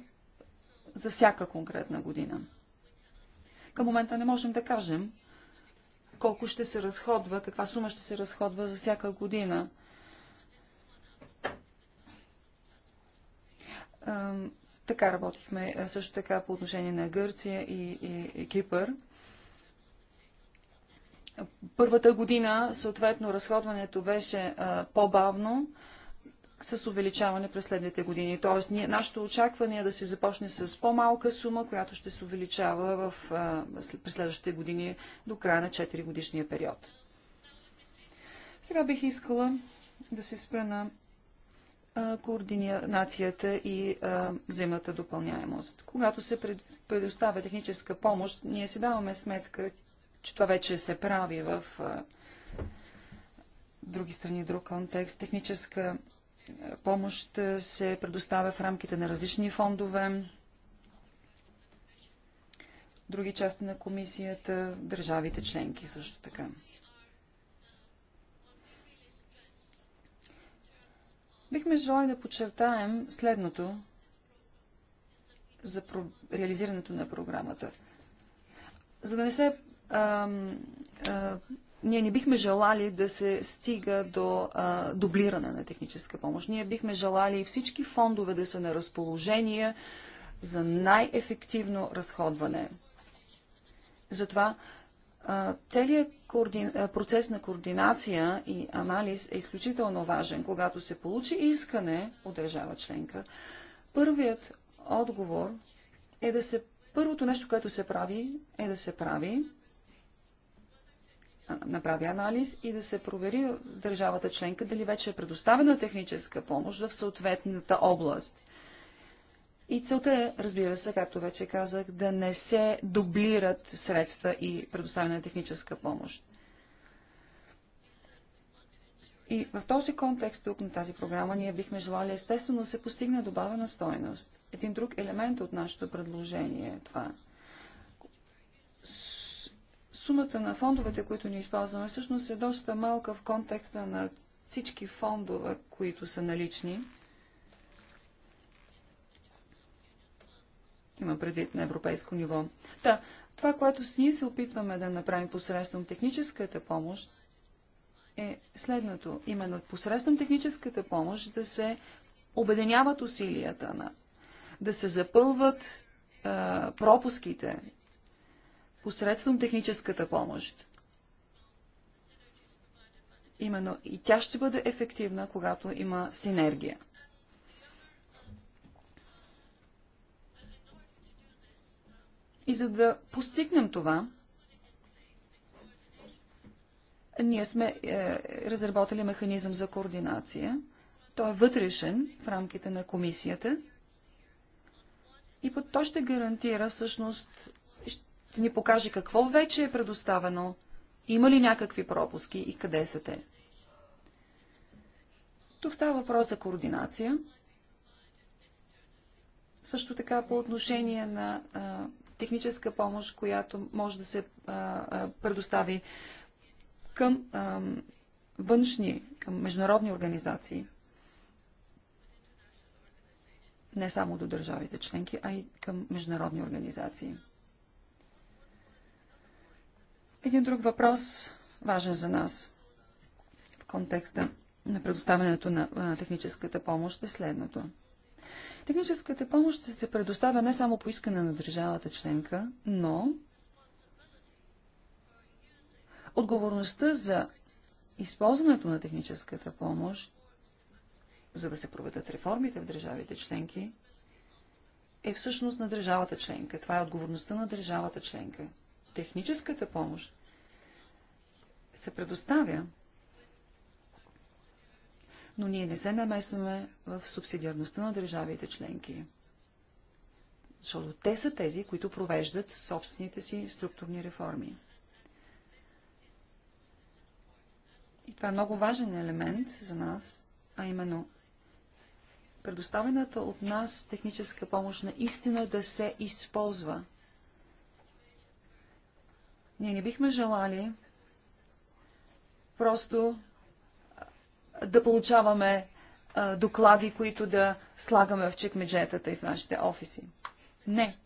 за всяка конкретна година. Към момента не можем да кажем колко ще се разходва, каква сума ще се разходва за всяка година. Така работихме също така по отношение на Гърция и, и, и Кипър. Първата година, съответно, разходването беше по-бавно, с увеличаване през следните години. Тоест, ние, нашето очакване е да се започне с по-малка сума, която ще се увеличава в, а, през следващите години до края на 4 годишния период. Сега бих искала да се спра на а, координацията и а, взаимната допълняемост. Когато се пред, предоставя техническа помощ, ние си даваме сметка, че това вече се прави в а, други страни, друг контекст. Техническа помощ се предоставя в рамките на различни фондове, други части на комисията, държавите членки също така. Бихме желали да подчертаем следното за реализирането на програмата. За да не се ние не бихме желали да се стига до а, дублиране на техническа помощ. Ние бихме желали всички фондове да са на разположение за най-ефективно разходване. Затова а, целият координ... процес на координация и анализ е изключително важен, когато се получи искане от държава членка. Първият отговор е да се. Първото нещо, което се прави, е да се прави направи анализ и да се провери държавата членка дали вече е предоставена техническа помощ в съответната област. И целта е, разбира се, както вече казах, да не се дублират средства и предоставена на техническа помощ. И в този контекст тук на тази програма ние бихме желали естествено да се постигне добавена стойност. Един друг елемент от нашето предложение е това сумата на фондовете, които ни използваме, всъщност е доста малка в контекста на всички фондове, които са налични. Има предвид на европейско ниво. Да, това, което с ние се опитваме да направим посредством техническата помощ, е следното. Именно посредством техническата помощ да се обединяват усилията на, да се запълват пропуските, посредством техническата помощ. Именно и тя ще бъде ефективна, когато има синергия. И за да постигнем това, ние сме е, разработили механизъм за координация. Той е вътрешен в рамките на комисията и той ще гарантира всъщност да ни покаже какво вече е предоставено, има ли някакви пропуски и къде са те. Тук става въпрос за координация. Също така по отношение на а, техническа помощ, която може да се а, а, предостави към а, външни, към международни организации, не само до държавите членки, а и към международни организации. Един друг въпрос, важен за нас в контекста на предоставянето на, на техническата помощ е следното. Техническата помощ се предоставя не само по искане на държавата членка, но отговорността за използването на техническата помощ, за да се проведат реформите в държавите членки, е всъщност на държавата членка. Това е отговорността на държавата членка техническата помощ се предоставя, но ние не се намесваме в субсидиарността на държавите членки, защото те са тези, които провеждат собствените си структурни реформи. И това е много важен елемент за нас, а именно предоставената от нас техническа помощ наистина да се използва – ние не бихме желали просто да получаваме доклади, които да слагаме в чекмеджетата и в нашите офиси. Не.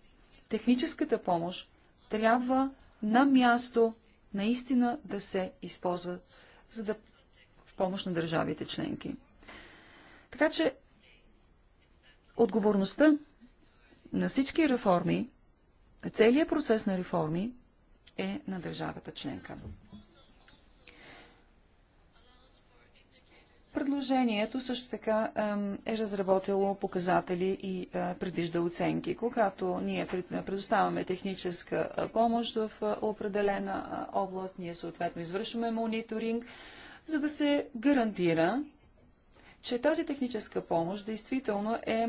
Техническата помощ трябва на място наистина да се използва за да в помощ на държавите членки. Така че отговорността на всички реформи, на целият процес на реформи е на държавата членка. Предложението също така е разработило показатели и предвижда оценки. Когато ние предоставяме техническа помощ в определена област, ние съответно извършваме мониторинг, за да се гарантира, че тази техническа помощ действително е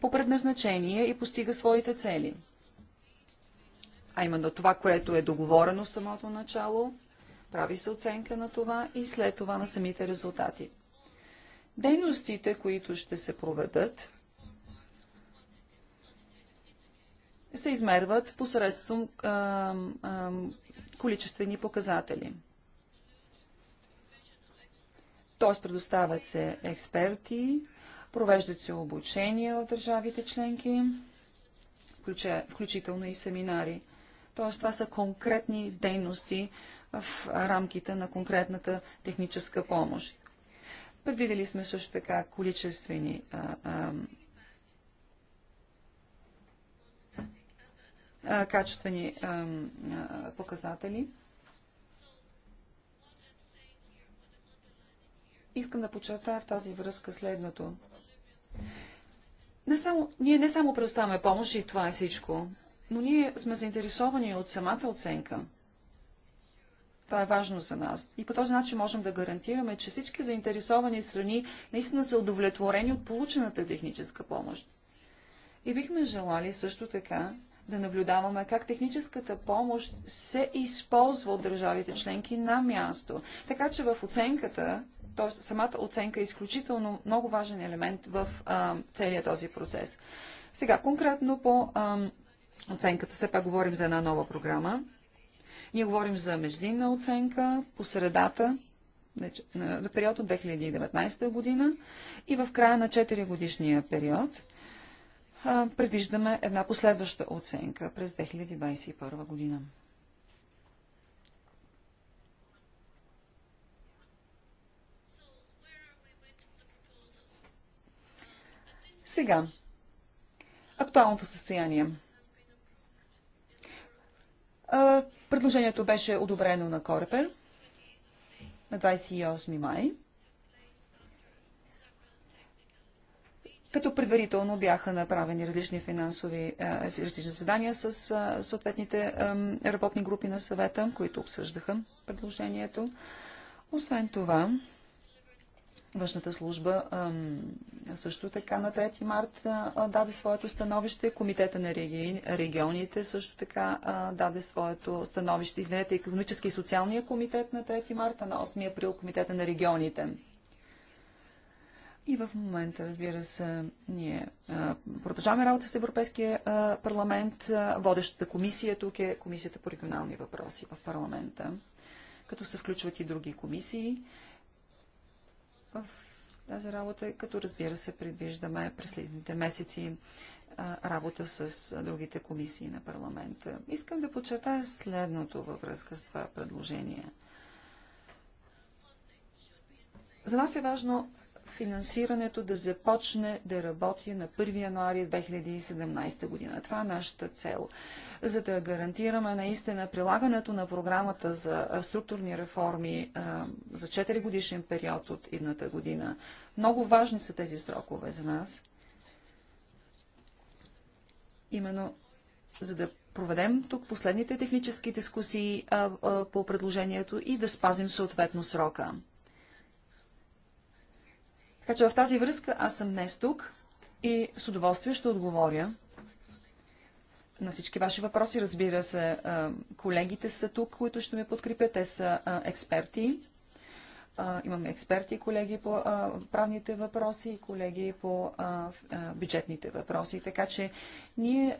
по предназначение и постига своите цели а именно това, което е договорено в самото начало, прави се оценка на това и след това на самите резултати. Дейностите, които ще се проведат, се измерват посредством а, а, количествени показатели. Т.е. предоставят се експерти, провеждат се обучения в държавите членки, включително и семинари. Тоест, това са конкретни дейности в рамките на конкретната техническа помощ. Предвидели сме също така количествени а, а, качествени а, а, показатели. Искам да подчертая в тази връзка следното. Не само, ние не само предоставяме помощ и това е всичко. Но ние сме заинтересовани от самата оценка. Това е важно за нас. И по този начин можем да гарантираме, че всички заинтересовани страни наистина са удовлетворени от получената техническа помощ. И бихме желали също така да наблюдаваме как техническата помощ се използва от държавите членки на място. Така че в оценката, т.е. самата оценка е изключително много важен елемент в а, целият този процес. Сега, конкретно по а, оценката. Все пак говорим за една нова програма. Ние говорим за междинна оценка по средата на период от 2019 година и в края на 4 годишния период предвиждаме една последваща оценка през 2021 година. Сега, актуалното състояние. Предложението беше одобрено на Корепер на 28 май. като предварително бяха направени различни финансови различни заседания с съответните работни групи на съвета, които обсъждаха предложението. Освен това, Външната служба също така на 3 март даде своето становище. Комитета на регионите също така даде своето становище. Извинете, економически и социалния комитет на 3 марта, на 8 април комитета на регионите. И в момента, разбира се, ние продължаваме работа с Европейския парламент. Водещата комисия тук е Комисията по регионални въпроси в парламента, като се включват и други комисии в тази работа, като разбира се предвиждаме през следните месеци работа с другите комисии на парламента. Искам да подчертая следното във връзка с това предложение. За нас е важно финансирането да започне да работи на 1 януари 2017 година. Това е нашата цел. За да гарантираме наистина прилагането на програмата за структурни реформи за 4 годишен период от едната година. Много важни са тези срокове за нас. Именно за да проведем тук последните технически дискусии по предложението и да спазим съответно срока. Така че в тази връзка аз съм днес тук и с удоволствие ще отговоря на всички ваши въпроси. Разбира се, колегите са тук, които ще ме подкрепят. Те са експерти. Имаме експерти, колеги по правните въпроси, колеги по бюджетните въпроси. Така че ние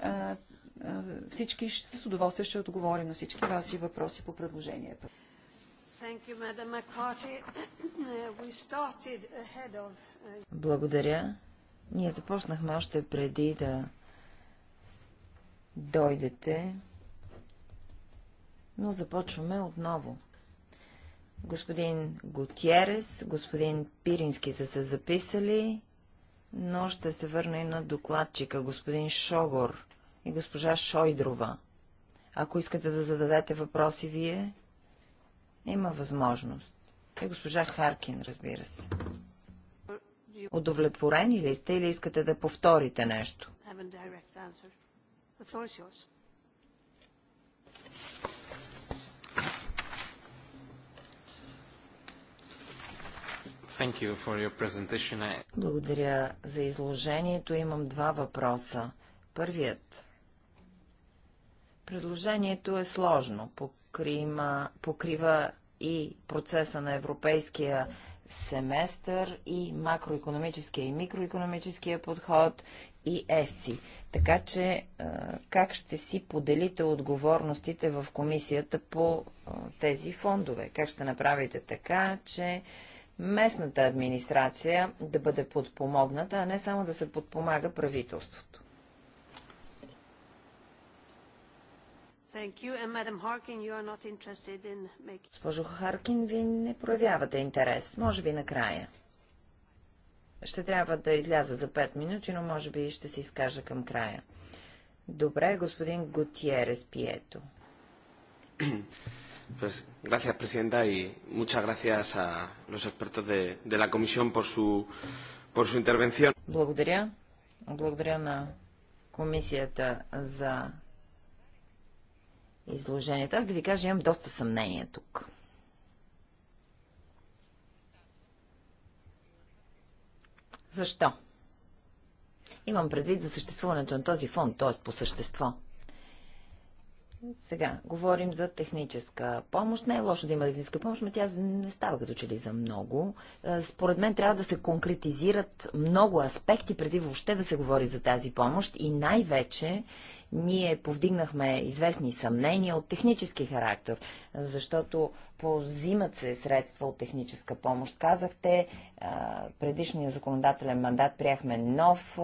всички с удоволствие ще отговорим на всички ваши въпроси по предложението. Uh, uh, Благодаря. Ние започнахме още преди да дойдете, но започваме отново. Господин Готиерес, господин Пирински са се записали, но ще се върна и на докладчика, господин Шогор и госпожа Шойдрова. Ако искате да зададете въпроси вие, има възможност. И е, госпожа Харкин, разбира се. Удовлетворени ли сте или искате да повторите нещо? You Благодаря за изложението. Имам два въпроса. Първият. Предложението е сложно. Покрима, покрива и процеса на европейския семестър и макроекономическия и микроекономическия подход и ЕСИ. Така че е, как ще си поделите отговорностите в комисията по е, тези фондове? Как ще направите така, че местната администрация да бъде подпомогната, а не само да се подпомага правителството? Госпожо Харкин, вие не проявявате интерес. Може би накрая. Ще трябва да изляза за 5 минути, но може би ще се изкажа към края. Добре, господин Готиерес Пието. (clears throat) Pues, gracias, Presidenta, y muchas gracias a los expertos de, de la Comisión por su, por su intervención. Благодаря. Благодаря на комисията за изложението. Аз да ви кажа, имам доста съмнение тук. Защо? Имам предвид за съществуването на този фонд, т.е. по същество. Сега, говорим за техническа помощ. Не е лошо да има техническа помощ, но тя не става като че ли за много. Е, според мен трябва да се конкретизират много аспекти преди въобще да се говори за тази помощ и най-вече ние повдигнахме известни съмнения от технически характер, защото позимат се средства от техническа помощ. Казахте, предишния законодателен мандат приехме нов,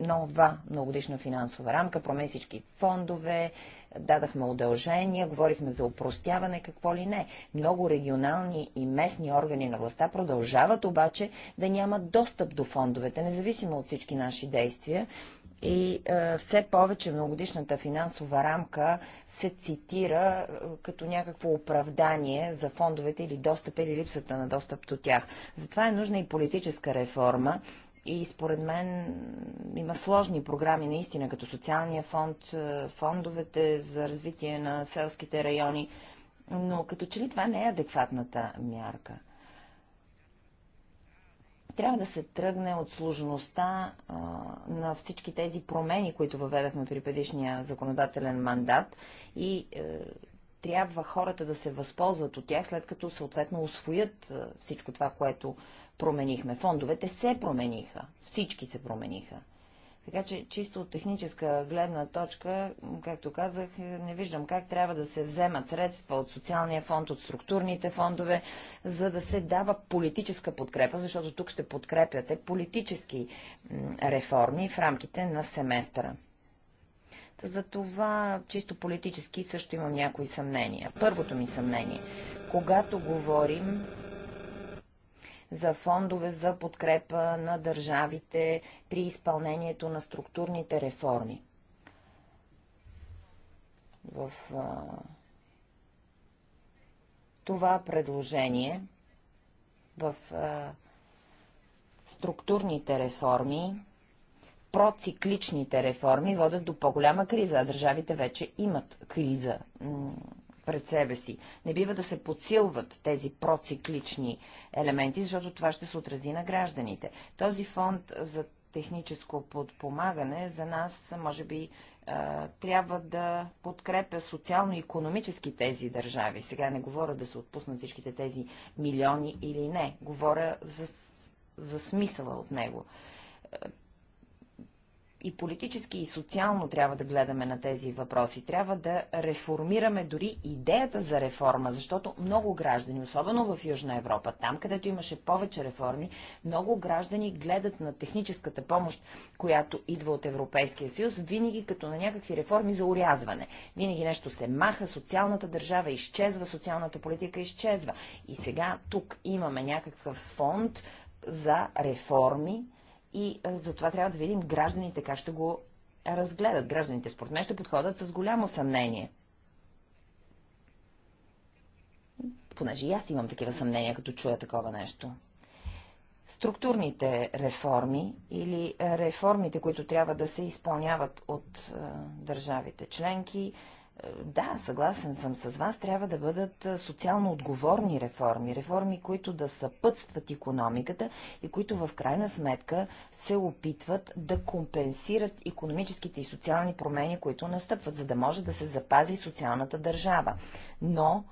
нова многогодишна финансова рамка, промени всички фондове, дадахме удължения, говорихме за упростяване, какво ли не. Много регионални и местни органи на властта продължават обаче да нямат достъп до фондовете, независимо от всички наши действия и а, е, все повече многогодишната финансова рамка се цитира а, е, като някакво оправдание за фондовете или достъп или липсата на достъп до тях. Затова е нужна и политическа реформа. И според мен има сложни програми наистина, като социалния фонд, е, фондовете за развитие на селските райони, но като че ли това не е адекватната мярка. Трябва да се тръгне от сложността а, на всички тези промени, които въведахме при предишния законодателен мандат и е, трябва хората да се възползват от тях, след като съответно освоят е, всичко това, което променихме. Фондовете се промениха, всички се промениха. Така че чисто от техническа гледна точка, както казах, не виждам как трябва да се вземат средства от социалния фонд, от структурните фондове, за да се дава политическа подкрепа, защото тук ще подкрепяте политически реформи в рамките на семестъра. За това чисто политически също имам някои съмнения. Първото ми съмнение. Когато говорим за фондове за подкрепа на държавите при изпълнението на структурните реформи. В а, това предложение, в а, структурните реформи, процикличните реформи водят до по-голяма криза, а държавите вече имат криза пред себе си. Не бива да се подсилват тези проциклични елементи, защото това ще се отрази на гражданите. Този фонд за техническо подпомагане за нас, може би, трябва да подкрепя социално-економически тези държави. Сега не говоря да се отпуснат всичките тези милиони или не. Говоря за, за смисъла от него и политически, и социално трябва да гледаме на тези въпроси. Трябва да реформираме дори идеята за реформа, защото много граждани, особено в Южна Европа, там където имаше повече реформи, много граждани гледат на техническата помощ, която идва от Европейския съюз, винаги като на някакви реформи за урязване. Винаги нещо се маха, социалната държава изчезва, социалната политика изчезва. И сега тук имаме някакъв фонд за реформи, и за това трябва да видим гражданите как ще го разгледат. Гражданите според мен ще подходят с голямо съмнение. Понеже и аз имам такива съмнения, като чуя такова нещо. Структурните реформи или реформите, които трябва да се изпълняват от а, държавите членки, да, съгласен съм с вас. Трябва да бъдат социално отговорни реформи. Реформи, които да съпътстват економиката и които в крайна сметка се опитват да компенсират економическите и социални промени, които настъпват, за да може да се запази социалната държава. Но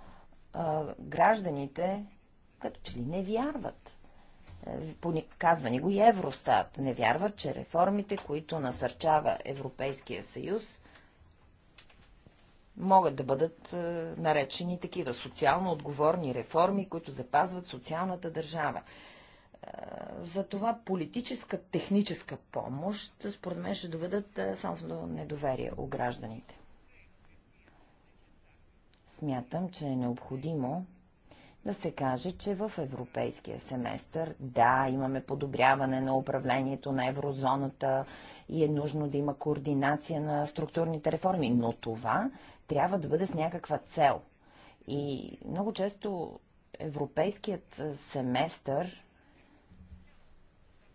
а, гражданите като че ли не вярват. Е, казва ни го и Евростат. Не вярват, че реформите, които насърчава Европейския съюз, могат да бъдат е, наречени такива социално отговорни реформи, които запазват социалната държава. Е, за това политическа, техническа помощ, според мен, ще доведат е, само до недоверие у гражданите. Смятам, че е необходимо да се каже, че в европейския семестър, да, имаме подобряване на управлението на еврозоната и е нужно да има координация на структурните реформи, но това трябва да бъде с някаква цел. И много често европейският семестър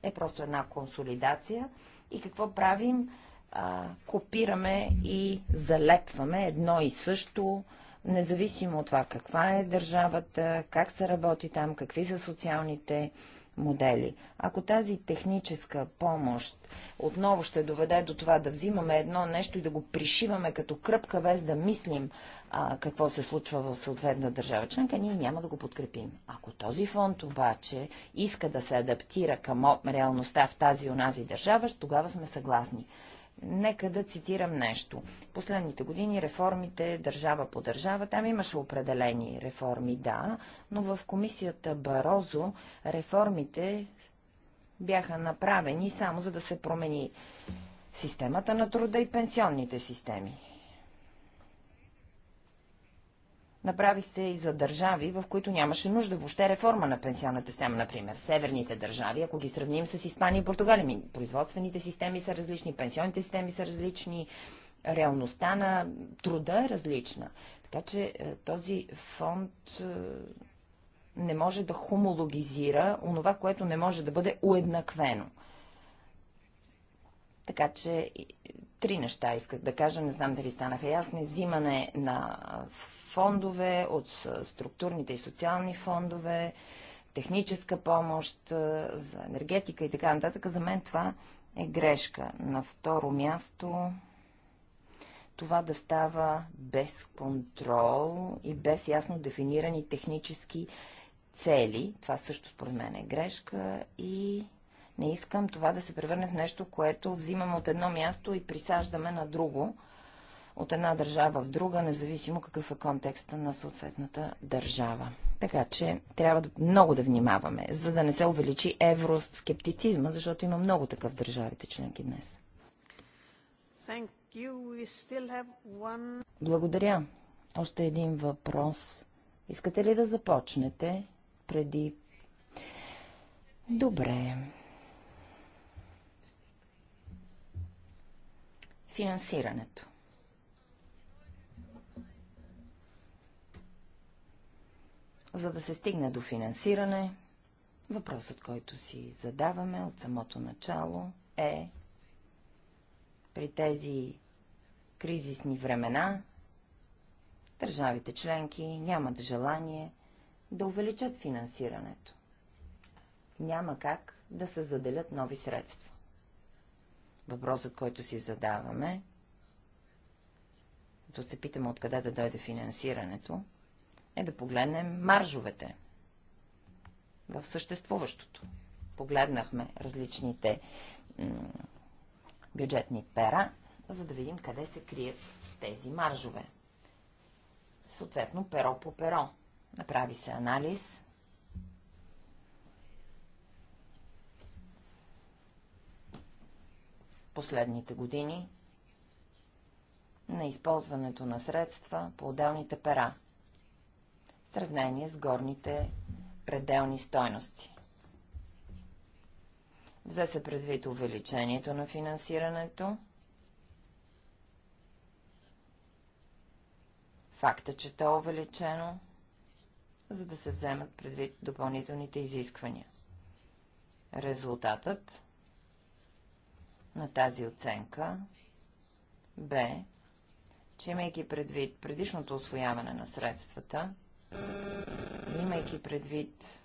е просто една консолидация. И какво правим? А, копираме и залепваме едно и също, независимо от това каква е държавата, как се работи там, какви са социалните модели. Ако тази техническа помощ отново ще доведе до това да взимаме едно нещо и да го пришиваме като кръпка, без да мислим а, какво се случва в съответна държава членка, ние няма да го подкрепим. Ако този фонд обаче иска да се адаптира към реалността в тази и онази държава, тогава сме съгласни. Нека да цитирам нещо. Последните години реформите държава по държава, там имаше определени реформи, да, но в комисията Барозо реформите бяха направени само за да се промени системата на труда и пенсионните системи. Направих се и за държави, в които нямаше нужда въобще реформа на пенсионната система, например северните държави, ако ги сравним с Испания и Португалия. Ами, производствените системи са различни, пенсионните системи са различни, реалността на труда е различна. Така че е, този фонд е, не може да хомологизира онова, което не може да бъде уеднаквено. Така че три неща исках да кажа, не знам дали станаха ясни. Взимане на фондове, от структурните и социални фондове, техническа помощ е, за енергетика и така нататък. За мен това е грешка. На второ място това да става без контрол и без ясно дефинирани технически цели. Това също според мен е грешка и не искам това да се превърне в нещо, което взимаме от едно място и присаждаме на друго, от една държава в друга, независимо какъв е контекста на съответната държава. Така че трябва много да внимаваме, за да не се увеличи евроскептицизма, защото има много такъв държавите членки днес. One... Благодаря. Още един въпрос. Искате ли да започнете преди... Добре. Финансирането. За да се стигне до финансиране, въпросът, който си задаваме от самото начало е при тези кризисни времена държавите членки нямат желание да увеличат финансирането. Няма как да се заделят нови средства. Въпросът, който си задаваме, като се питаме откъде да дойде финансирането, е да погледнем маржовете в съществуващото. Погледнахме различните бюджетни пера, за да видим къде се крият тези маржове. Съответно, перо по перо. Направи се анализ. Последните години на използването на средства по отделните пера – сравнение с горните пределни стойности. Взе се предвид увеличението на финансирането, факта, е, че то е увеличено, за да се вземат предвид допълнителните изисквания. Резултатът на тази оценка бе, че имайки предвид предишното освояване на средствата, Имайки предвид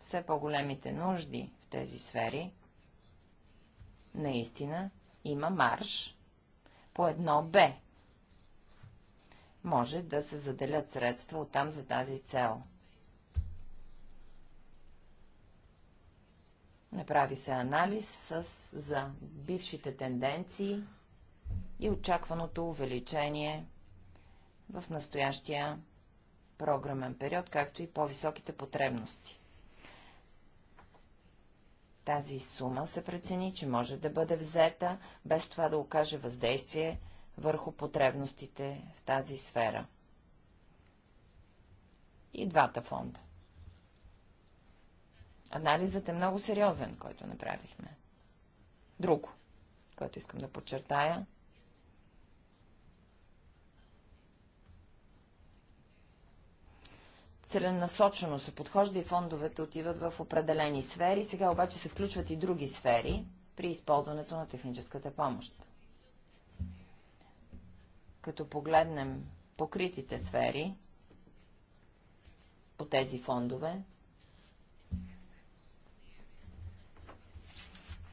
все по-големите нужди в тези сфери, наистина има марш по едно Б. Може да се заделят средства оттам за тази цел. Направи се анализ с, за бившите тенденции и очакваното увеличение в настоящия програмен период, както и по-високите потребности. Тази сума се прецени, че може да бъде взета, без това да окаже въздействие върху потребностите в тази сфера. И двата фонда. Анализът е много сериозен, който направихме. Друго, което искам да подчертая – целенасочено се подхожда и фондовете отиват в определени сфери. Сега обаче се включват и други сфери при използването на техническата помощ. Като погледнем покритите сфери по тези фондове,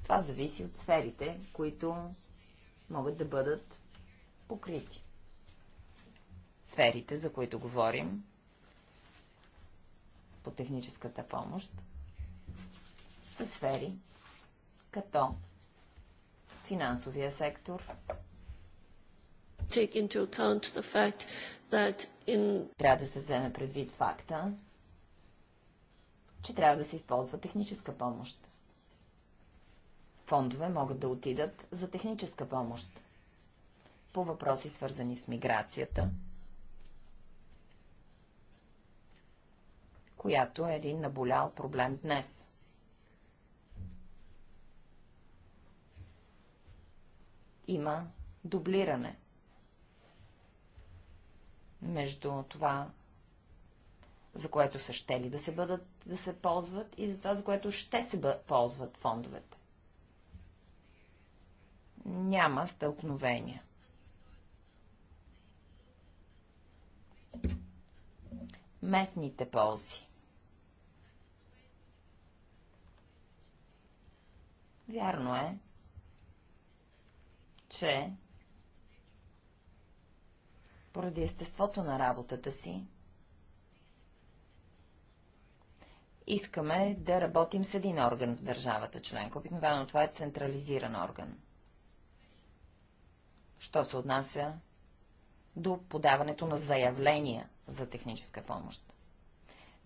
това зависи от сферите, които могат да бъдат покрити. Сферите, за които говорим, по техническата помощ са сфери, като финансовия сектор. In... Трябва да се вземе предвид факта, че трябва да се използва техническа помощ. Фондове могат да отидат за техническа помощ по въпроси, свързани с миграцията, която е един наболял проблем днес. Има дублиране между това, за което са щели да се, бъдат, да се ползват и за това, за което ще се бъд, ползват фондовете. Няма стълкновения. Местните ползи Вярно е, че поради естеството на работата си искаме да работим с един орган в държавата членка. Обикновено това е централизиран орган. Що се отнася до подаването на заявления за техническа помощ.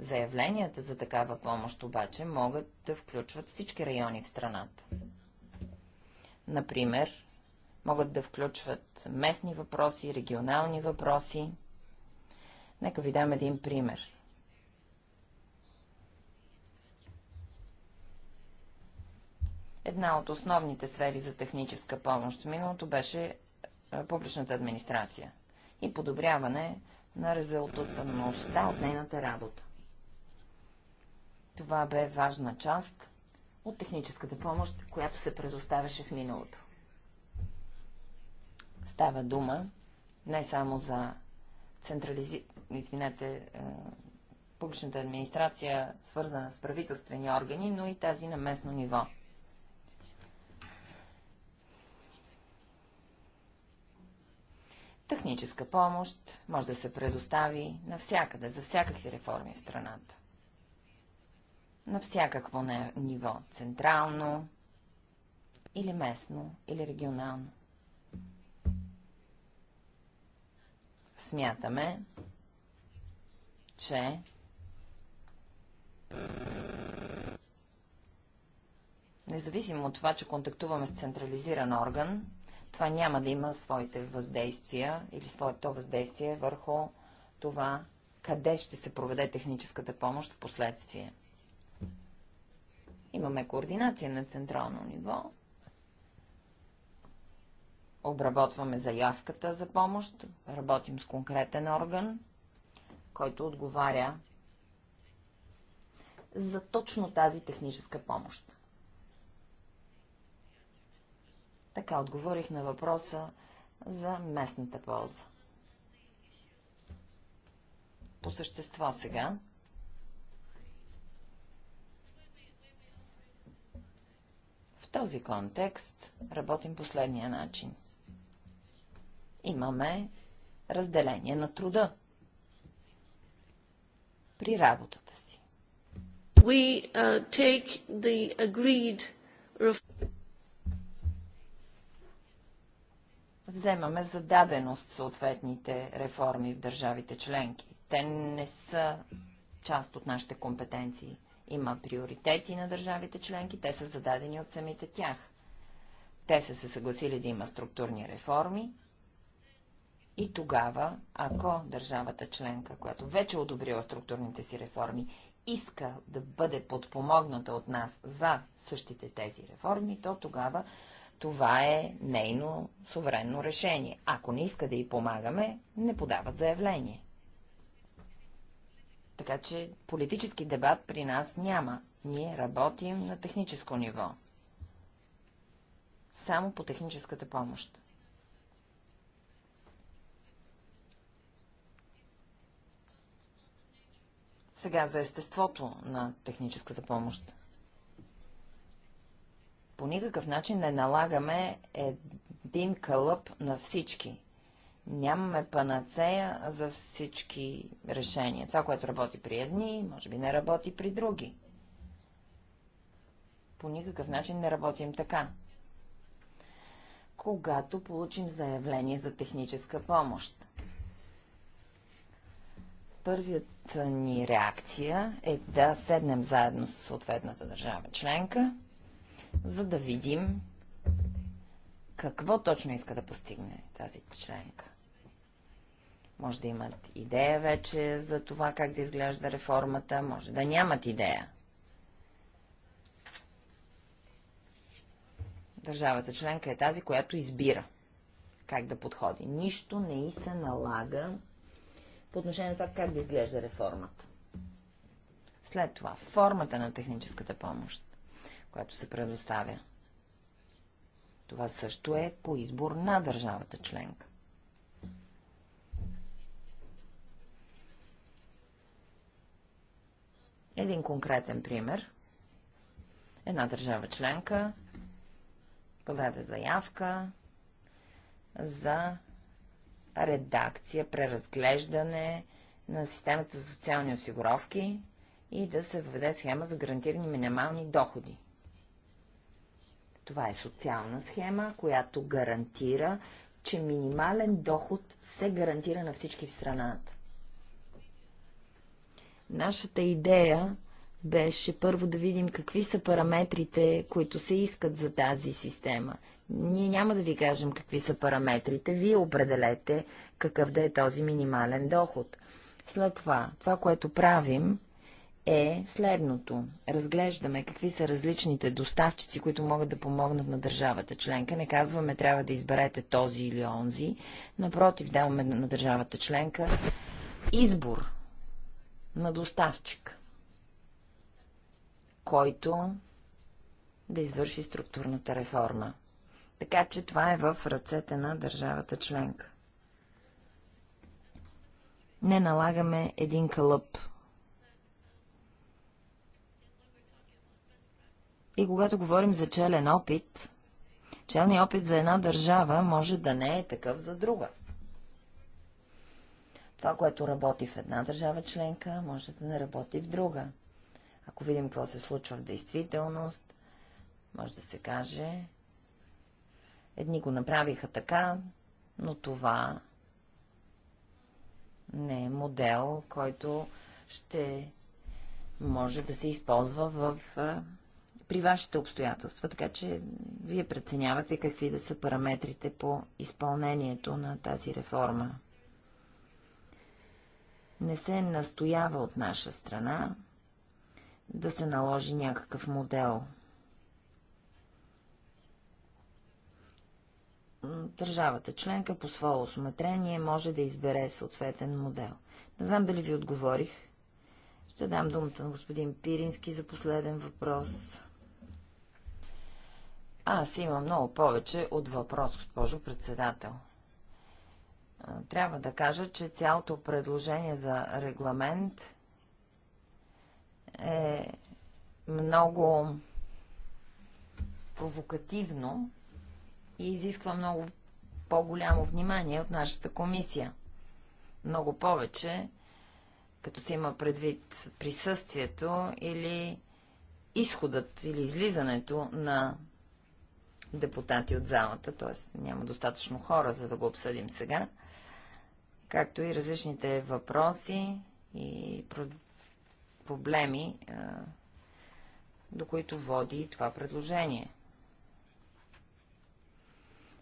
Заявленията за такава помощ обаче могат да включват всички райони в страната. Например, могат да включват местни въпроси, регионални въпроси. Нека ви дам един пример. Една от основните сфери за техническа помощ в миналото беше е, публичната администрация и подобряване на резултатността от нейната работа. Това бе важна част от техническата помощ, която се предоставяше в миналото. Става дума не само за централизи... извинете, е, публичната администрация, свързана с правителствени органи, но и тази на местно ниво. Техническа помощ може да се предостави навсякъде, за всякакви реформи в страната на всякакво ниво – централно, или местно, или регионално. Смятаме, че независимо от това, че контактуваме с централизиран орган, това няма да има своите въздействия или своето въздействие върху това, къде ще се проведе техническата помощ в последствие. Имаме координация на централно ниво. Обработваме заявката за помощ, работим с конкретен орган, който отговаря за точно тази техническа помощ. Така отговорих на въпроса за местната полза. По същество сега. този контекст работим последния начин. Имаме разделение на труда при работата си. We, uh, take the agreed... Вземаме за даденост съответните реформи в държавите членки. Те не са част от нашите компетенции. Има приоритети на държавите членки, те са зададени от самите тях. Те са се съгласили да има структурни реформи и тогава, ако държавата членка, която вече е одобрила структурните си реформи, иска да бъде подпомогната от нас за същите тези реформи, то тогава това е нейно суверенно решение. Ако не иска да й помагаме, не подават заявление. Така че политически дебат при нас няма. Ние работим на техническо ниво. Само по техническата помощ. Сега за естеството на техническата помощ. По никакъв начин не налагаме един кълъп на всички. Нямаме панацея за всички решения. Това, което работи при едни, може би не работи при други. По никакъв начин не работим така. Когато получим заявление за техническа помощ. Първият ни реакция е да седнем заедно с съответната държава членка, за да видим какво точно иска да постигне тази членка. Може да имат идея вече за това как да изглежда реформата, може да нямат идея. Държавата членка е тази, която избира как да подходи. Нищо не и се налага по отношение на това как да изглежда реформата. След това, формата на техническата помощ, която се предоставя – това също е по избор на държавата членка. Един конкретен пример. Една държава членка подаде заявка за редакция, преразглеждане на системата за социални осигуровки и да се въведе схема за гарантирани минимални доходи. Това е социална схема, която гарантира, че минимален доход се гарантира на всички в страната. Нашата идея беше първо да видим какви са параметрите, които се искат за тази система. Ние няма да ви кажем какви са параметрите, вие определете какъв да е този минимален доход. След това, това, което правим, е следното. Разглеждаме какви са различните доставчици, които могат да помогнат на държавата членка. Не казваме трябва да изберете този или онзи. Напротив, даваме на държавата членка избор на доставчик, който да извърши структурната реформа. Така че това е в ръцете на държавата членка. Не налагаме един кълъп – И когато говорим за челен опит, челният опит за една държава може да не е такъв за друга. Това, което работи в една държава членка, може да не работи в друга. Ако видим какво се случва в действителност, може да се каже, едни го направиха така, но това не е модел, който ще може да се използва в при вашите обстоятелства, така че вие преценявате какви да са параметрите по изпълнението на тази реформа. Не се настоява от наша страна да се наложи някакъв модел. Държавата членка по свое осмотрение може да избере съответен модел. Не знам дали ви отговорих. Ще дам думата на господин Пирински за последен въпрос. Аз имам много повече от въпрос, госпожо председател. Трябва да кажа, че цялото предложение за регламент е много провокативно и изисква много по-голямо внимание от нашата комисия. Много повече, като се има предвид присъствието или изходът или излизането на депутати от залата, т.е. няма достатъчно хора, за да го обсъдим сега, както и различните въпроси и проблеми, до които води това предложение.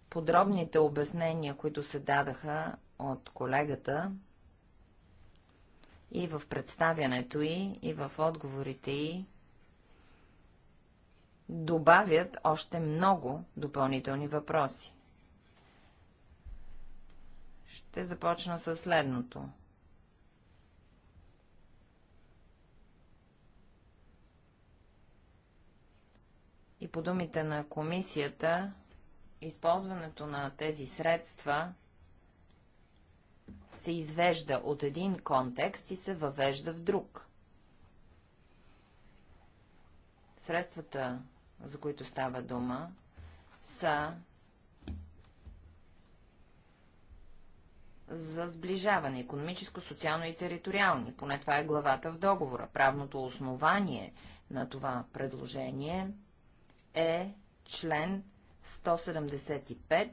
Подробните обяснения, които се дадаха от колегата и в представянето й, и в отговорите й, добавят още много допълнителни въпроси. Ще започна с следното. И по думите на комисията, използването на тези средства се извежда от един контекст и се въвежда в друг. Средствата за които става дума, са за сближаване, економическо, социално и териториални. Поне това е главата в договора. Правното основание на това предложение е член 175,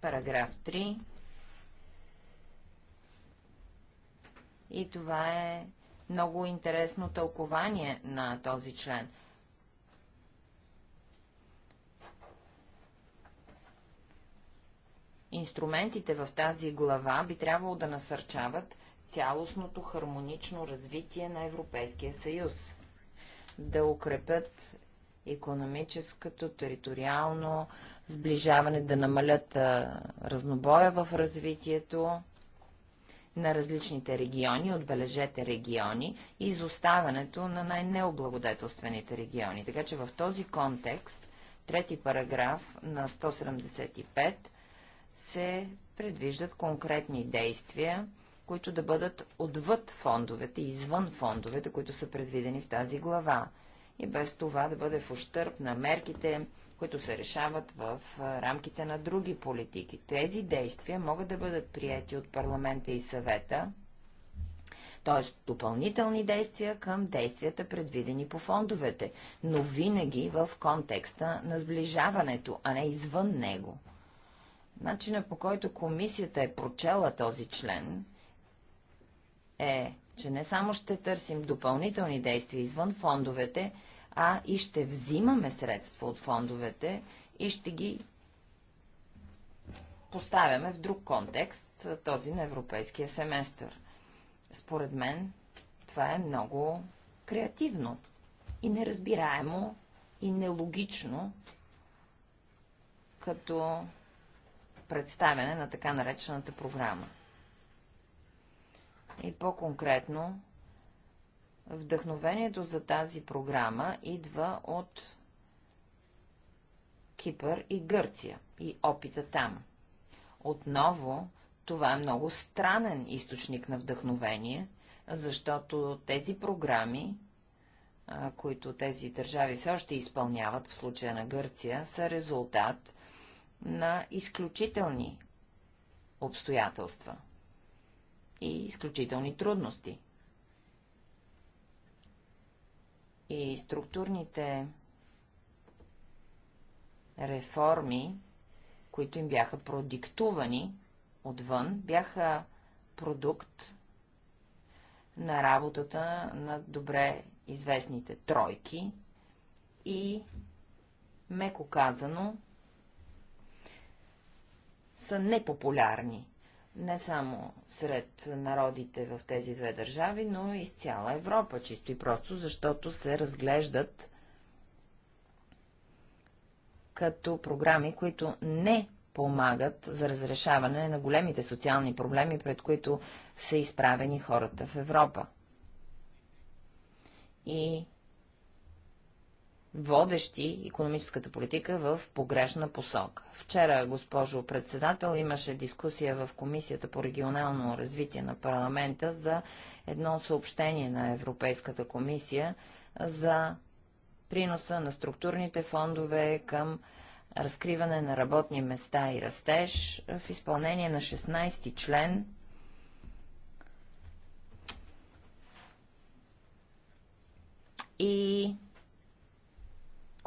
параграф 3. И това е много интересно тълкование на този член. Инструментите в тази глава би трябвало да насърчават цялостното хармонично развитие на Европейския съюз, да укрепят економическото, териториално сближаване, да намалят а, разнобоя в развитието на различните региони, отбележете региони и изоставането на най-необлагодетелствените региони. Така че в този контекст, трети параграф на 175 се предвиждат конкретни действия, които да бъдат отвъд фондовете, извън фондовете, които са предвидени в тази глава. И без това да бъде в ущърп на мерките, които се решават в рамките на други политики. Тези действия могат да бъдат прияти от парламента и съвета, т.е. допълнителни действия към действията, предвидени по фондовете, но винаги в контекста на сближаването, а не извън него. Начина по който комисията е прочела този член е, че не само ще търсим допълнителни действия извън фондовете, а и ще взимаме средства от фондовете и ще ги поставяме в друг контекст, този на европейския семестър. Според мен това е много креативно и неразбираемо и нелогично като представяне на така наречената програма. И по-конкретно, вдъхновението за тази програма идва от Кипър и Гърция и опита там. Отново, това е много странен източник на вдъхновение, защото тези програми, които тези държави все още изпълняват в случая на Гърция, са резултат на изключителни обстоятелства и изключителни трудности. И структурните реформи, които им бяха продиктувани отвън, бяха продукт на работата на добре известните тройки и, меко казано, са непопулярни. Не само сред народите в тези две държави, но и с цяла Европа, чисто и просто, защото се разглеждат като програми, които не помагат за разрешаване на големите социални проблеми, пред които са изправени хората в Европа. И водещи економическата политика в погрешна посока. Вчера, госпожо председател, имаше дискусия в Комисията по регионално развитие на парламента за едно съобщение на Европейската комисия за приноса на структурните фондове към разкриване на работни места и растеж в изпълнение на 16 ти член и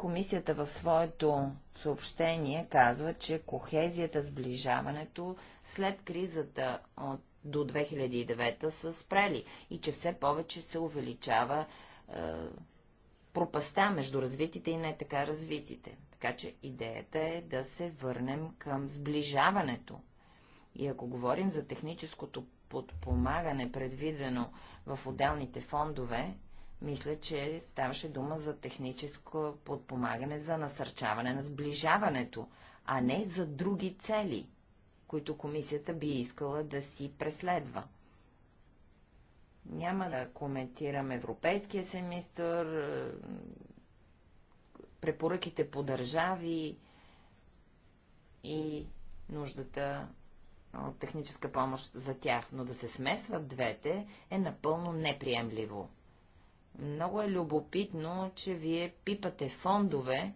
Комисията в своето съобщение казва, че кохезията, сближаването след кризата от, до 2009 са спрели и че все повече се увеличава е, пропаста между развитите и не така развитите. Така че идеята е да се върнем към сближаването. И ако говорим за техническото подпомагане, предвидено в отделните фондове, мисля, че ставаше дума за техническо подпомагане, за насърчаване на сближаването, а не за други цели, които комисията би искала да си преследва. Няма да коментирам европейския семистър, е, препоръките по държави и нуждата от техническа помощ за тях, но да се смесват двете е напълно неприемливо. Много е любопитно, че вие пипате фондове,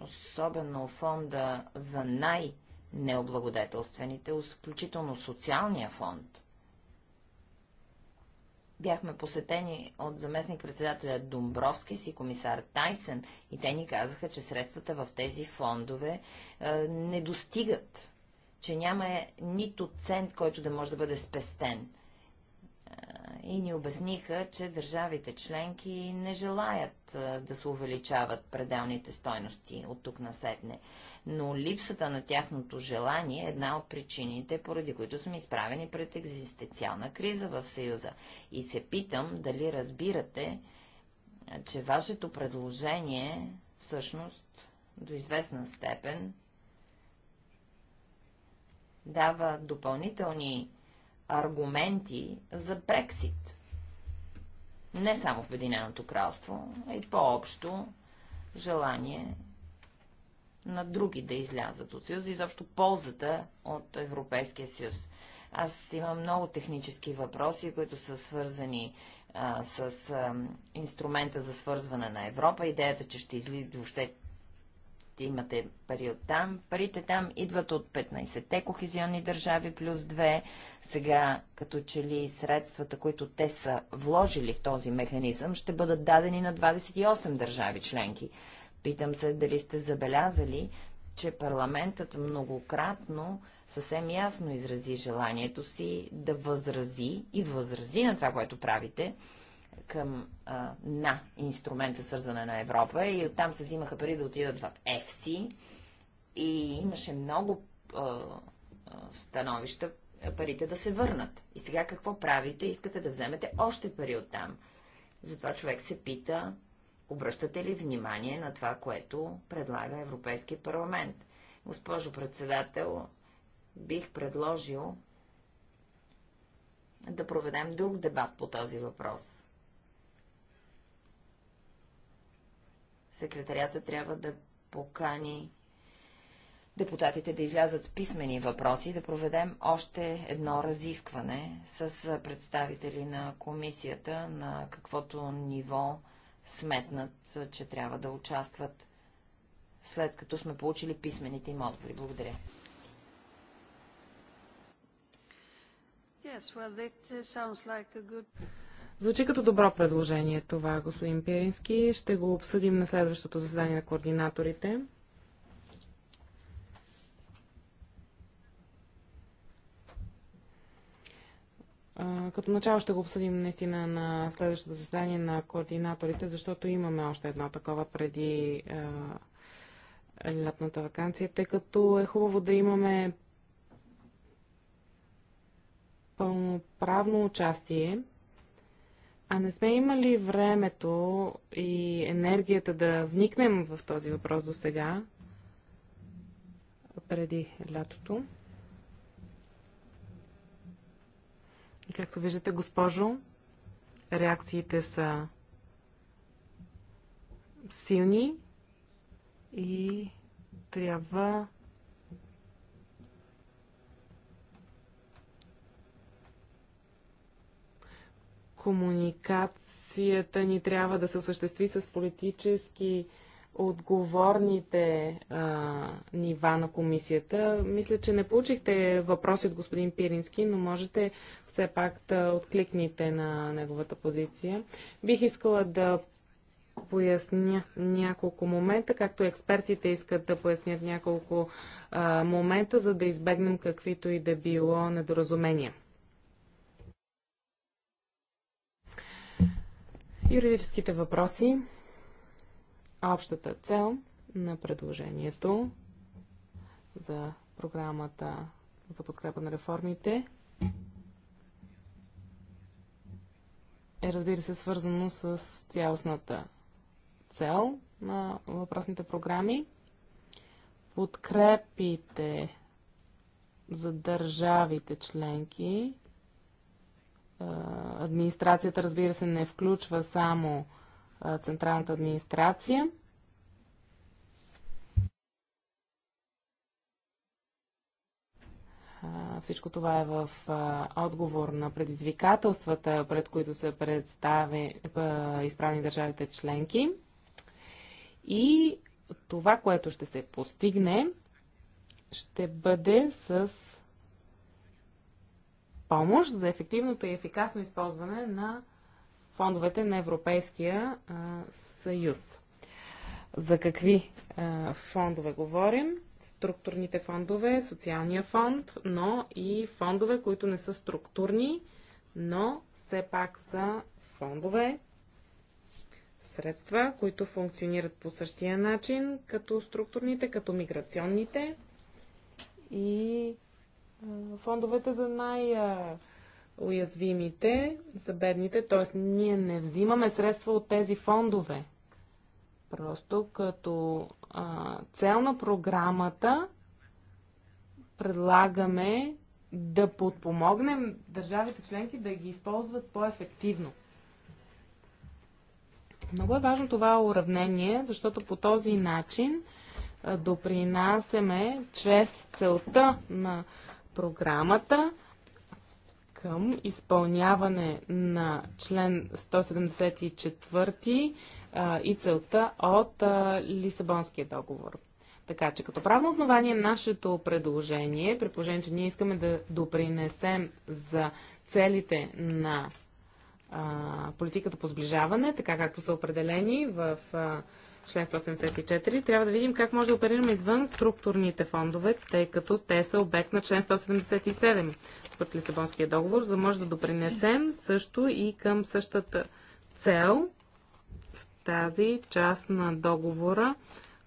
особено фонда за най-необлагодетелствените, изключително социалния фонд. Бяхме посетени от заместник-председателя Домбровски си комисар Тайсен и те ни казаха, че средствата в тези фондове е, не достигат, че няма е нито цент, който да може да бъде спестен и ни обясниха, че държавите членки не желаят да се увеличават пределните стойности от тук на сетне. Но липсата на тяхното желание е една от причините, поради които сме изправени пред екзистенциална криза в Съюза. И се питам дали разбирате, че вашето предложение всъщност до известна степен дава допълнителни аргументи за Брексит. Не само в Обединеното кралство, а и по-общо желание на други да излязат от Съюза и изобщо ползата от Европейския съюз. Аз имам много технически въпроси, които са свързани а, с а, инструмента за свързване на Европа, идеята, че ще излиза въобще имате пари от там. Парите там идват от 15-те кохезионни държави плюс 2. Сега, като че ли средствата, които те са вложили в този механизъм, ще бъдат дадени на 28 държави членки. Питам се дали сте забелязали, че парламентът многократно съвсем ясно изрази желанието си да възрази и възрази на това, което правите, към, а, на инструмента свързане на Европа и оттам се взимаха пари да отидат в ЕФСИ и имаше много а, становища парите да се върнат. И сега какво правите? Искате да вземете още пари оттам. Затова човек се пита, обръщате ли внимание на това, което предлага Европейския парламент? Госпожо председател, бих предложил да проведем друг дебат по този въпрос. Секретарията трябва да покани депутатите да излязат с писмени въпроси и да проведем още едно разискване с представители на комисията, на каквото ниво сметнат, че трябва да участват, след като сме получили писмените им отговори. Благодаря. Yes, well, uh, like good... Звучи като добро предложение това, господин Пирински. Ще го обсъдим на следващото заседание на координаторите. Като начало ще го обсъдим наистина на следващото заседание на координаторите, защото имаме още едно такова преди е, лятната вакансия, тъй като е хубаво да имаме пълноправно участие а не сме имали времето и енергията да вникнем в този въпрос до сега, преди лятото. И както виждате, госпожо, реакциите са силни и трябва комуникацията ни трябва да се осъществи с политически отговорните а, нива на комисията. Мисля, че не получихте въпроси от господин Пирински, но можете все пак да откликните на неговата позиция. Бих искала да поясня няколко момента, както експертите искат да пояснят няколко а, момента, за да избегнем каквито и да било недоразумения. Юридическите въпроси. Общата цел на предложението за програмата за подкрепа на реформите е, разбира се, свързано с цялостната цел на въпросните програми. Подкрепите за държавите членки администрацията, разбира се, не включва само централната администрация. Всичко това е в отговор на предизвикателствата, пред които се представи, изправени държавите членки. И това, което ще се постигне, ще бъде с помощ за ефективното и ефикасно използване на фондовете на Европейския а, съюз. За какви а, фондове говорим? Структурните фондове, социалния фонд, но и фондове, които не са структурни, но все пак са фондове, средства, които функционират по същия начин, като структурните, като миграционните и е, фондовете за най-уязвимите, за бедните, т.е. ние не взимаме средства от тези фондове. Просто като а, цел на програмата предлагаме да подпомогнем държавите членки да ги използват по-ефективно. Много е важно това уравнение, защото по този начин допринасяме чрез целта на програмата към изпълняване на член 174 и целта от Лисабонския договор. Така че като правно основание нашето предложение, при положение, че ние искаме да допринесем за целите на а, политиката по сближаване, така както са определени в а, член 174, трябва да видим как може да оперираме извън структурните фондове, тъй като те са обект на член 177 според Лисабонския договор, за да може да допринесем също и към същата цел в тази част на договора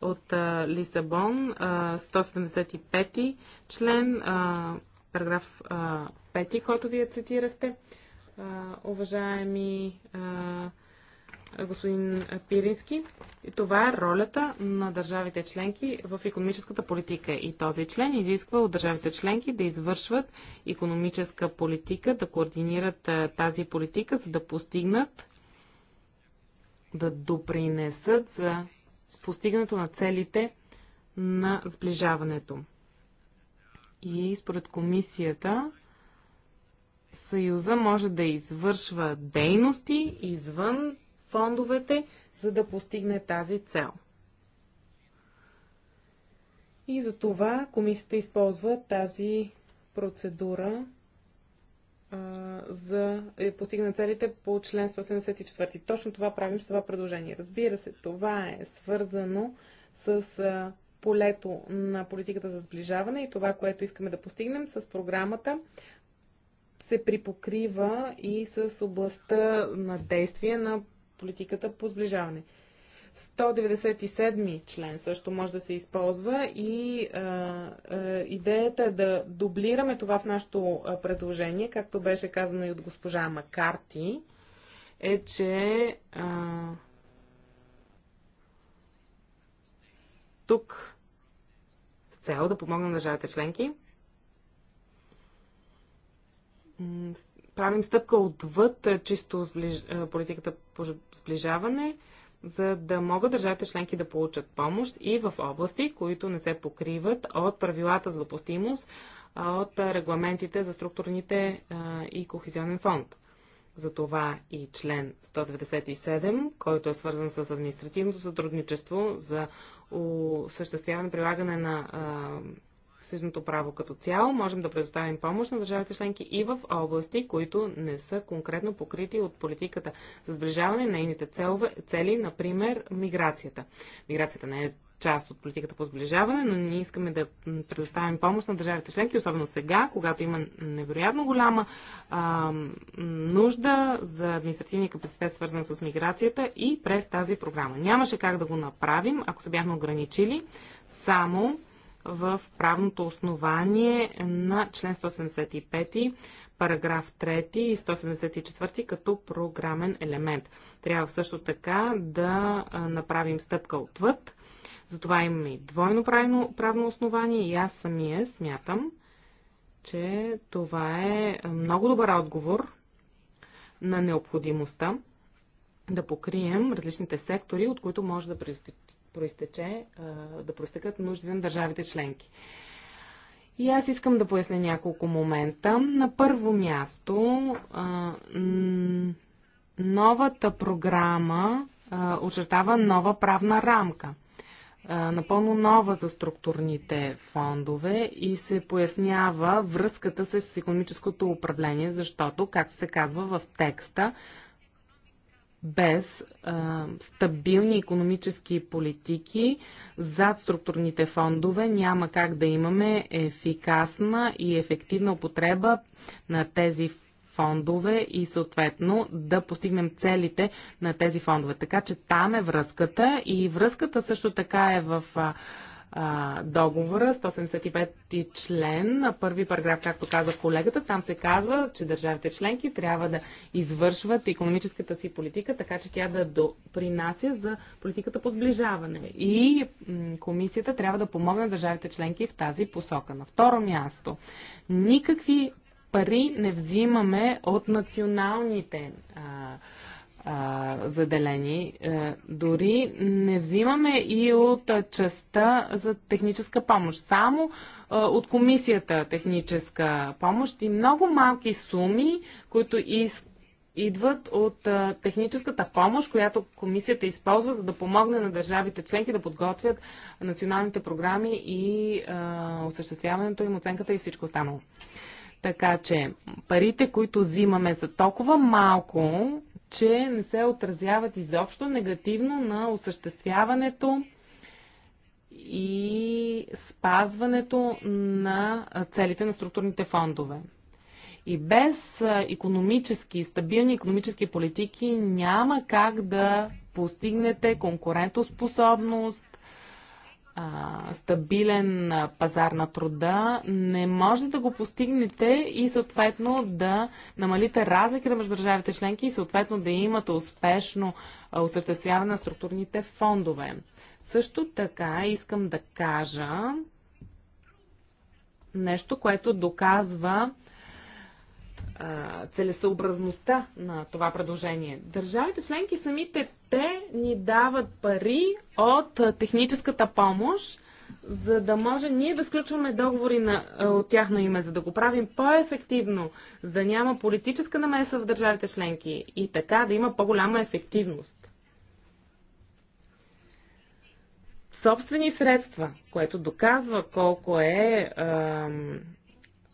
от а, Лисабон, а, 175 член, а, параграф 5, който вие цитирахте. Уважаеми господин Пирински. И това е ролята на държавите членки в економическата политика. И този член изисква от държавите членки да извършват економическа политика, да координират тази политика, за да постигнат, да допринесат за постигането на целите на сближаването. И според комисията, Съюза може да извършва дейности извън фондовете, за да постигне тази цел. И за това комисията използва тази процедура а, за е, постигане целите по член 174. Точно това правим с това предложение. Разбира се, това е свързано с а, полето на политиката за сближаване и това, което искаме да постигнем с програмата се припокрива и с областта на действие на политиката по сближаване. 197 член също може да се използва и а, а, идеята е да дублираме това в нашето предложение, както беше казано и от госпожа Макарти, е, че а, тук с цел да на държавите членки, правим стъпка отвъд чисто сближ... политиката по сближаване, за да могат държавите членки да получат помощ и в области, които не се покриват от правилата за допустимост, от регламентите за структурните и кохезионен фонд. Затова и член 197, който е свързан с административното сътрудничество за осъществяване прилагане на акцизното право като цяло, можем да предоставим помощ на държавите членки и в области, които не са конкретно покрити от политиката за сближаване на нейните цели, например миграцията. Миграцията не е част от политиката по сближаване, но ние искаме да предоставим помощ на държавите членки, особено сега, когато има невероятно голяма а, нужда за административния капацитет, свързан с миграцията и през тази програма. Нямаше как да го направим, ако се бяхме ограничили само в правното основание на член 175, параграф 3 и 174 като програмен елемент. Трябва също така да направим стъпка отвъд. Затова имаме и двойно правно, правно основание и аз самия смятам, че това е много добър отговор на необходимостта да покрием различните сектори, от които може да проистече, да проистекат нужди на държавите членки. И аз искам да поясня няколко момента. На първо място, новата програма очертава нова правна рамка напълно нова за структурните фондове и се пояснява връзката с економическото управление, защото, както се казва в текста, без а, стабилни економически политики зад структурните фондове няма как да имаме ефикасна и ефективна употреба на тези фондове и съответно да постигнем целите на тези фондове. Така че там е връзката и връзката също така е в а, договора, 175 ти член, на първи параграф, както каза колегата, там се казва, че държавите членки трябва да извършват економическата си политика, така че тя да допринася за политиката по сближаване. И комисията трябва да помогне държавите членки в тази посока. На второ място, никакви пари не взимаме от националните а, а, заделени. А, е, дори не взимаме и от а, частта за техническа помощ. Само а, е, от комисията техническа помощ и много малки суми, които из, идват от а, е, техническата помощ, която комисията използва, за да помогне на държавите членки да подготвят националните програми и а, осъществяването им, оценката и всичко останало. Така че парите, които взимаме за толкова малко, че не се отразяват изобщо негативно на осъществяването и спазването на целите на структурните фондове. И без економически, стабилни економически политики няма как да постигнете конкурентоспособност, а, стабилен пазар на труда, не може да го постигнете и съответно да намалите разликата между държавите членки и съответно да имате успешно осъществяване на структурните фондове. Също така искам да кажа нещо, което доказва целесъобразността на това предложение. Държавите членки самите те ни дават пари от техническата помощ, за да може ние да сключваме договори на, от тяхно име, за да го правим по-ефективно, за да няма политическа намеса в държавите членки и така да има по-голяма ефективност. Собствени средства, което доказва колко е. Ам,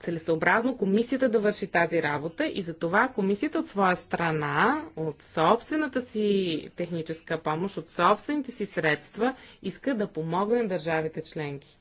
целесообразно комисията да върши тази работа и за това комисията от своя страна, от собствената си техническа помощ, от собствените си средства, иска да помогне на държавите членки.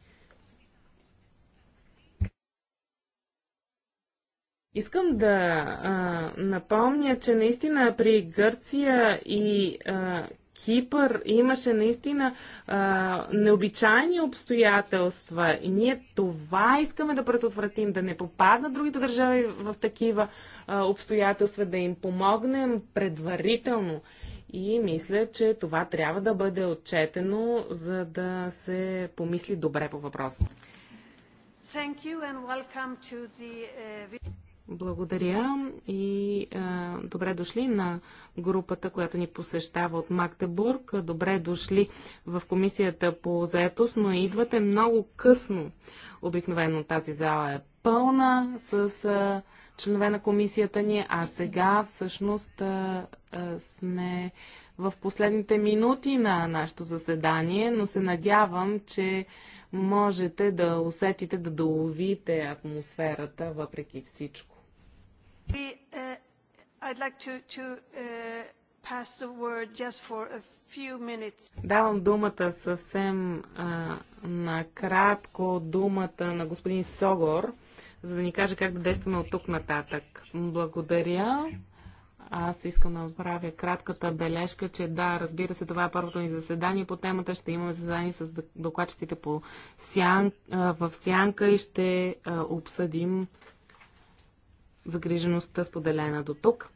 Искам да а, напомня, че наистина при Гърция и а, Кипър имаше наистина а, необичайни обстоятелства и ние това искаме да предотвратим, да не попаднат другите държави в такива а, обстоятелства, да им помогнем предварително. И мисля, че това трябва да бъде отчетено, за да се помисли добре по въпроса. Thank you and welcome to the, uh... Благодаря и а, добре дошли на групата, която ни посещава от Магдебург. Добре дошли в комисията по заетост, но идвате много късно. Обикновено тази зала е пълна с а, членове на комисията ни, а сега всъщност а, а, сме в последните минути на нашето заседание, но се надявам, че можете да усетите, да доловите атмосферата въпреки всичко. Давам думата съвсем а, накратко думата на господин Согор, за да ни каже как да действаме от тук нататък. Благодаря. Аз искам да направя кратката бележка, че да, разбира се, това е първото ни заседание по темата. Ще имаме заседание с докладчиците по сян, в сянка и ще обсъдим загрижеността споделена до тук.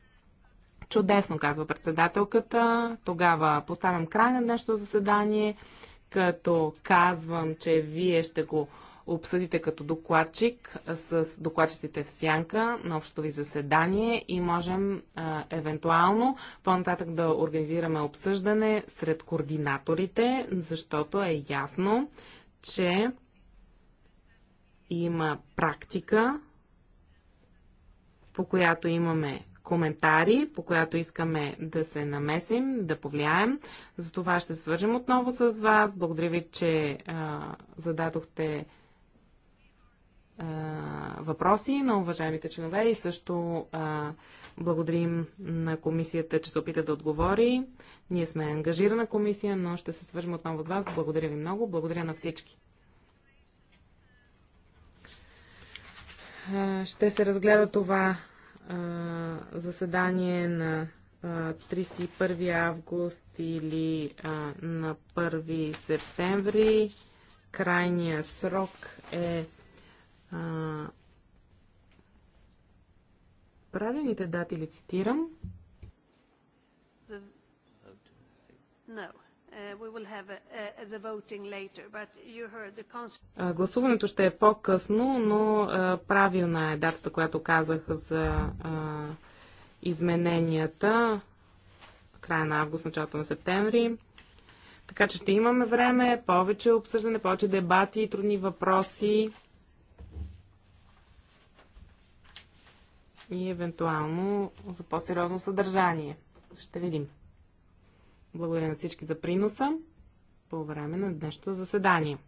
Чудесно, казва председателката. Тогава поставям край на днешното заседание, като казвам, че вие ще го обсъдите като докладчик с докладчиците в сянка на общото ви заседание и можем а, евентуално по-нататък да организираме обсъждане сред координаторите, защото е ясно, че има практика по която имаме коментари, по която искаме да се намесим, да повлияем. За това ще се свържем отново с вас. Благодаря ви, че а, зададохте а, въпроси на уважаемите чинове и също а, благодарим на комисията, че се опита да отговори. Ние сме ангажирана комисия, но ще се свържем отново с вас. Благодаря ви много. Благодаря на всички. ще се разгледа това заседание на 31 август или на 1 септември. Крайния срок е правилните дати ли цитирам? No. Гласуването ще е по-късно, но uh, правилна е датата, която казах за uh, измененията. Края на август, началото на септември. Така че ще имаме време, повече обсъждане, повече дебати и трудни въпроси. И евентуално за по-сериозно съдържание. Ще видим. Благодаря на всички за приноса по време на днешното заседание.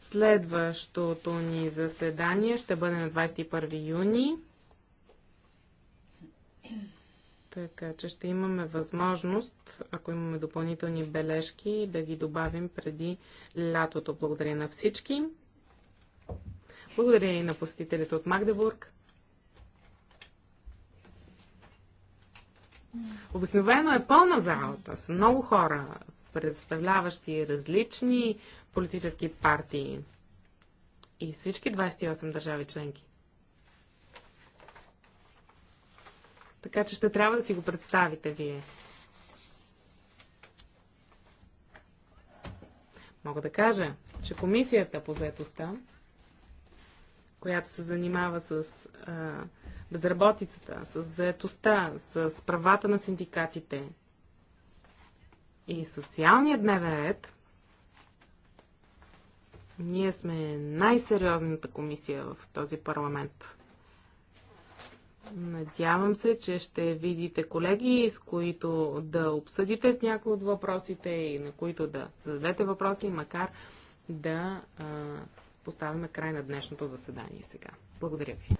Следващото ни заседание ще бъде на 21 юни. Така че ще имаме възможност, ако имаме допълнителни бележки, да ги добавим преди лятото. Благодаря на всички. Благодаря и на посетителите от Магдебург. Обикновено е пълна залата с много хора, представляващи различни политически партии и всички 28 държави членки. Така че ще трябва да си го представите вие. Мога да кажа, че комисията по заетостта, която се занимава с а, безработицата, с заетостта, с правата на синдикатите и социалния дневен ред, ние сме най-сериозната комисия в този парламент. Надявам се, че ще видите колеги, с които да обсъдите някои от въпросите и на които да зададете въпроси, макар да поставим край на днешното заседание сега. Благодаря ви.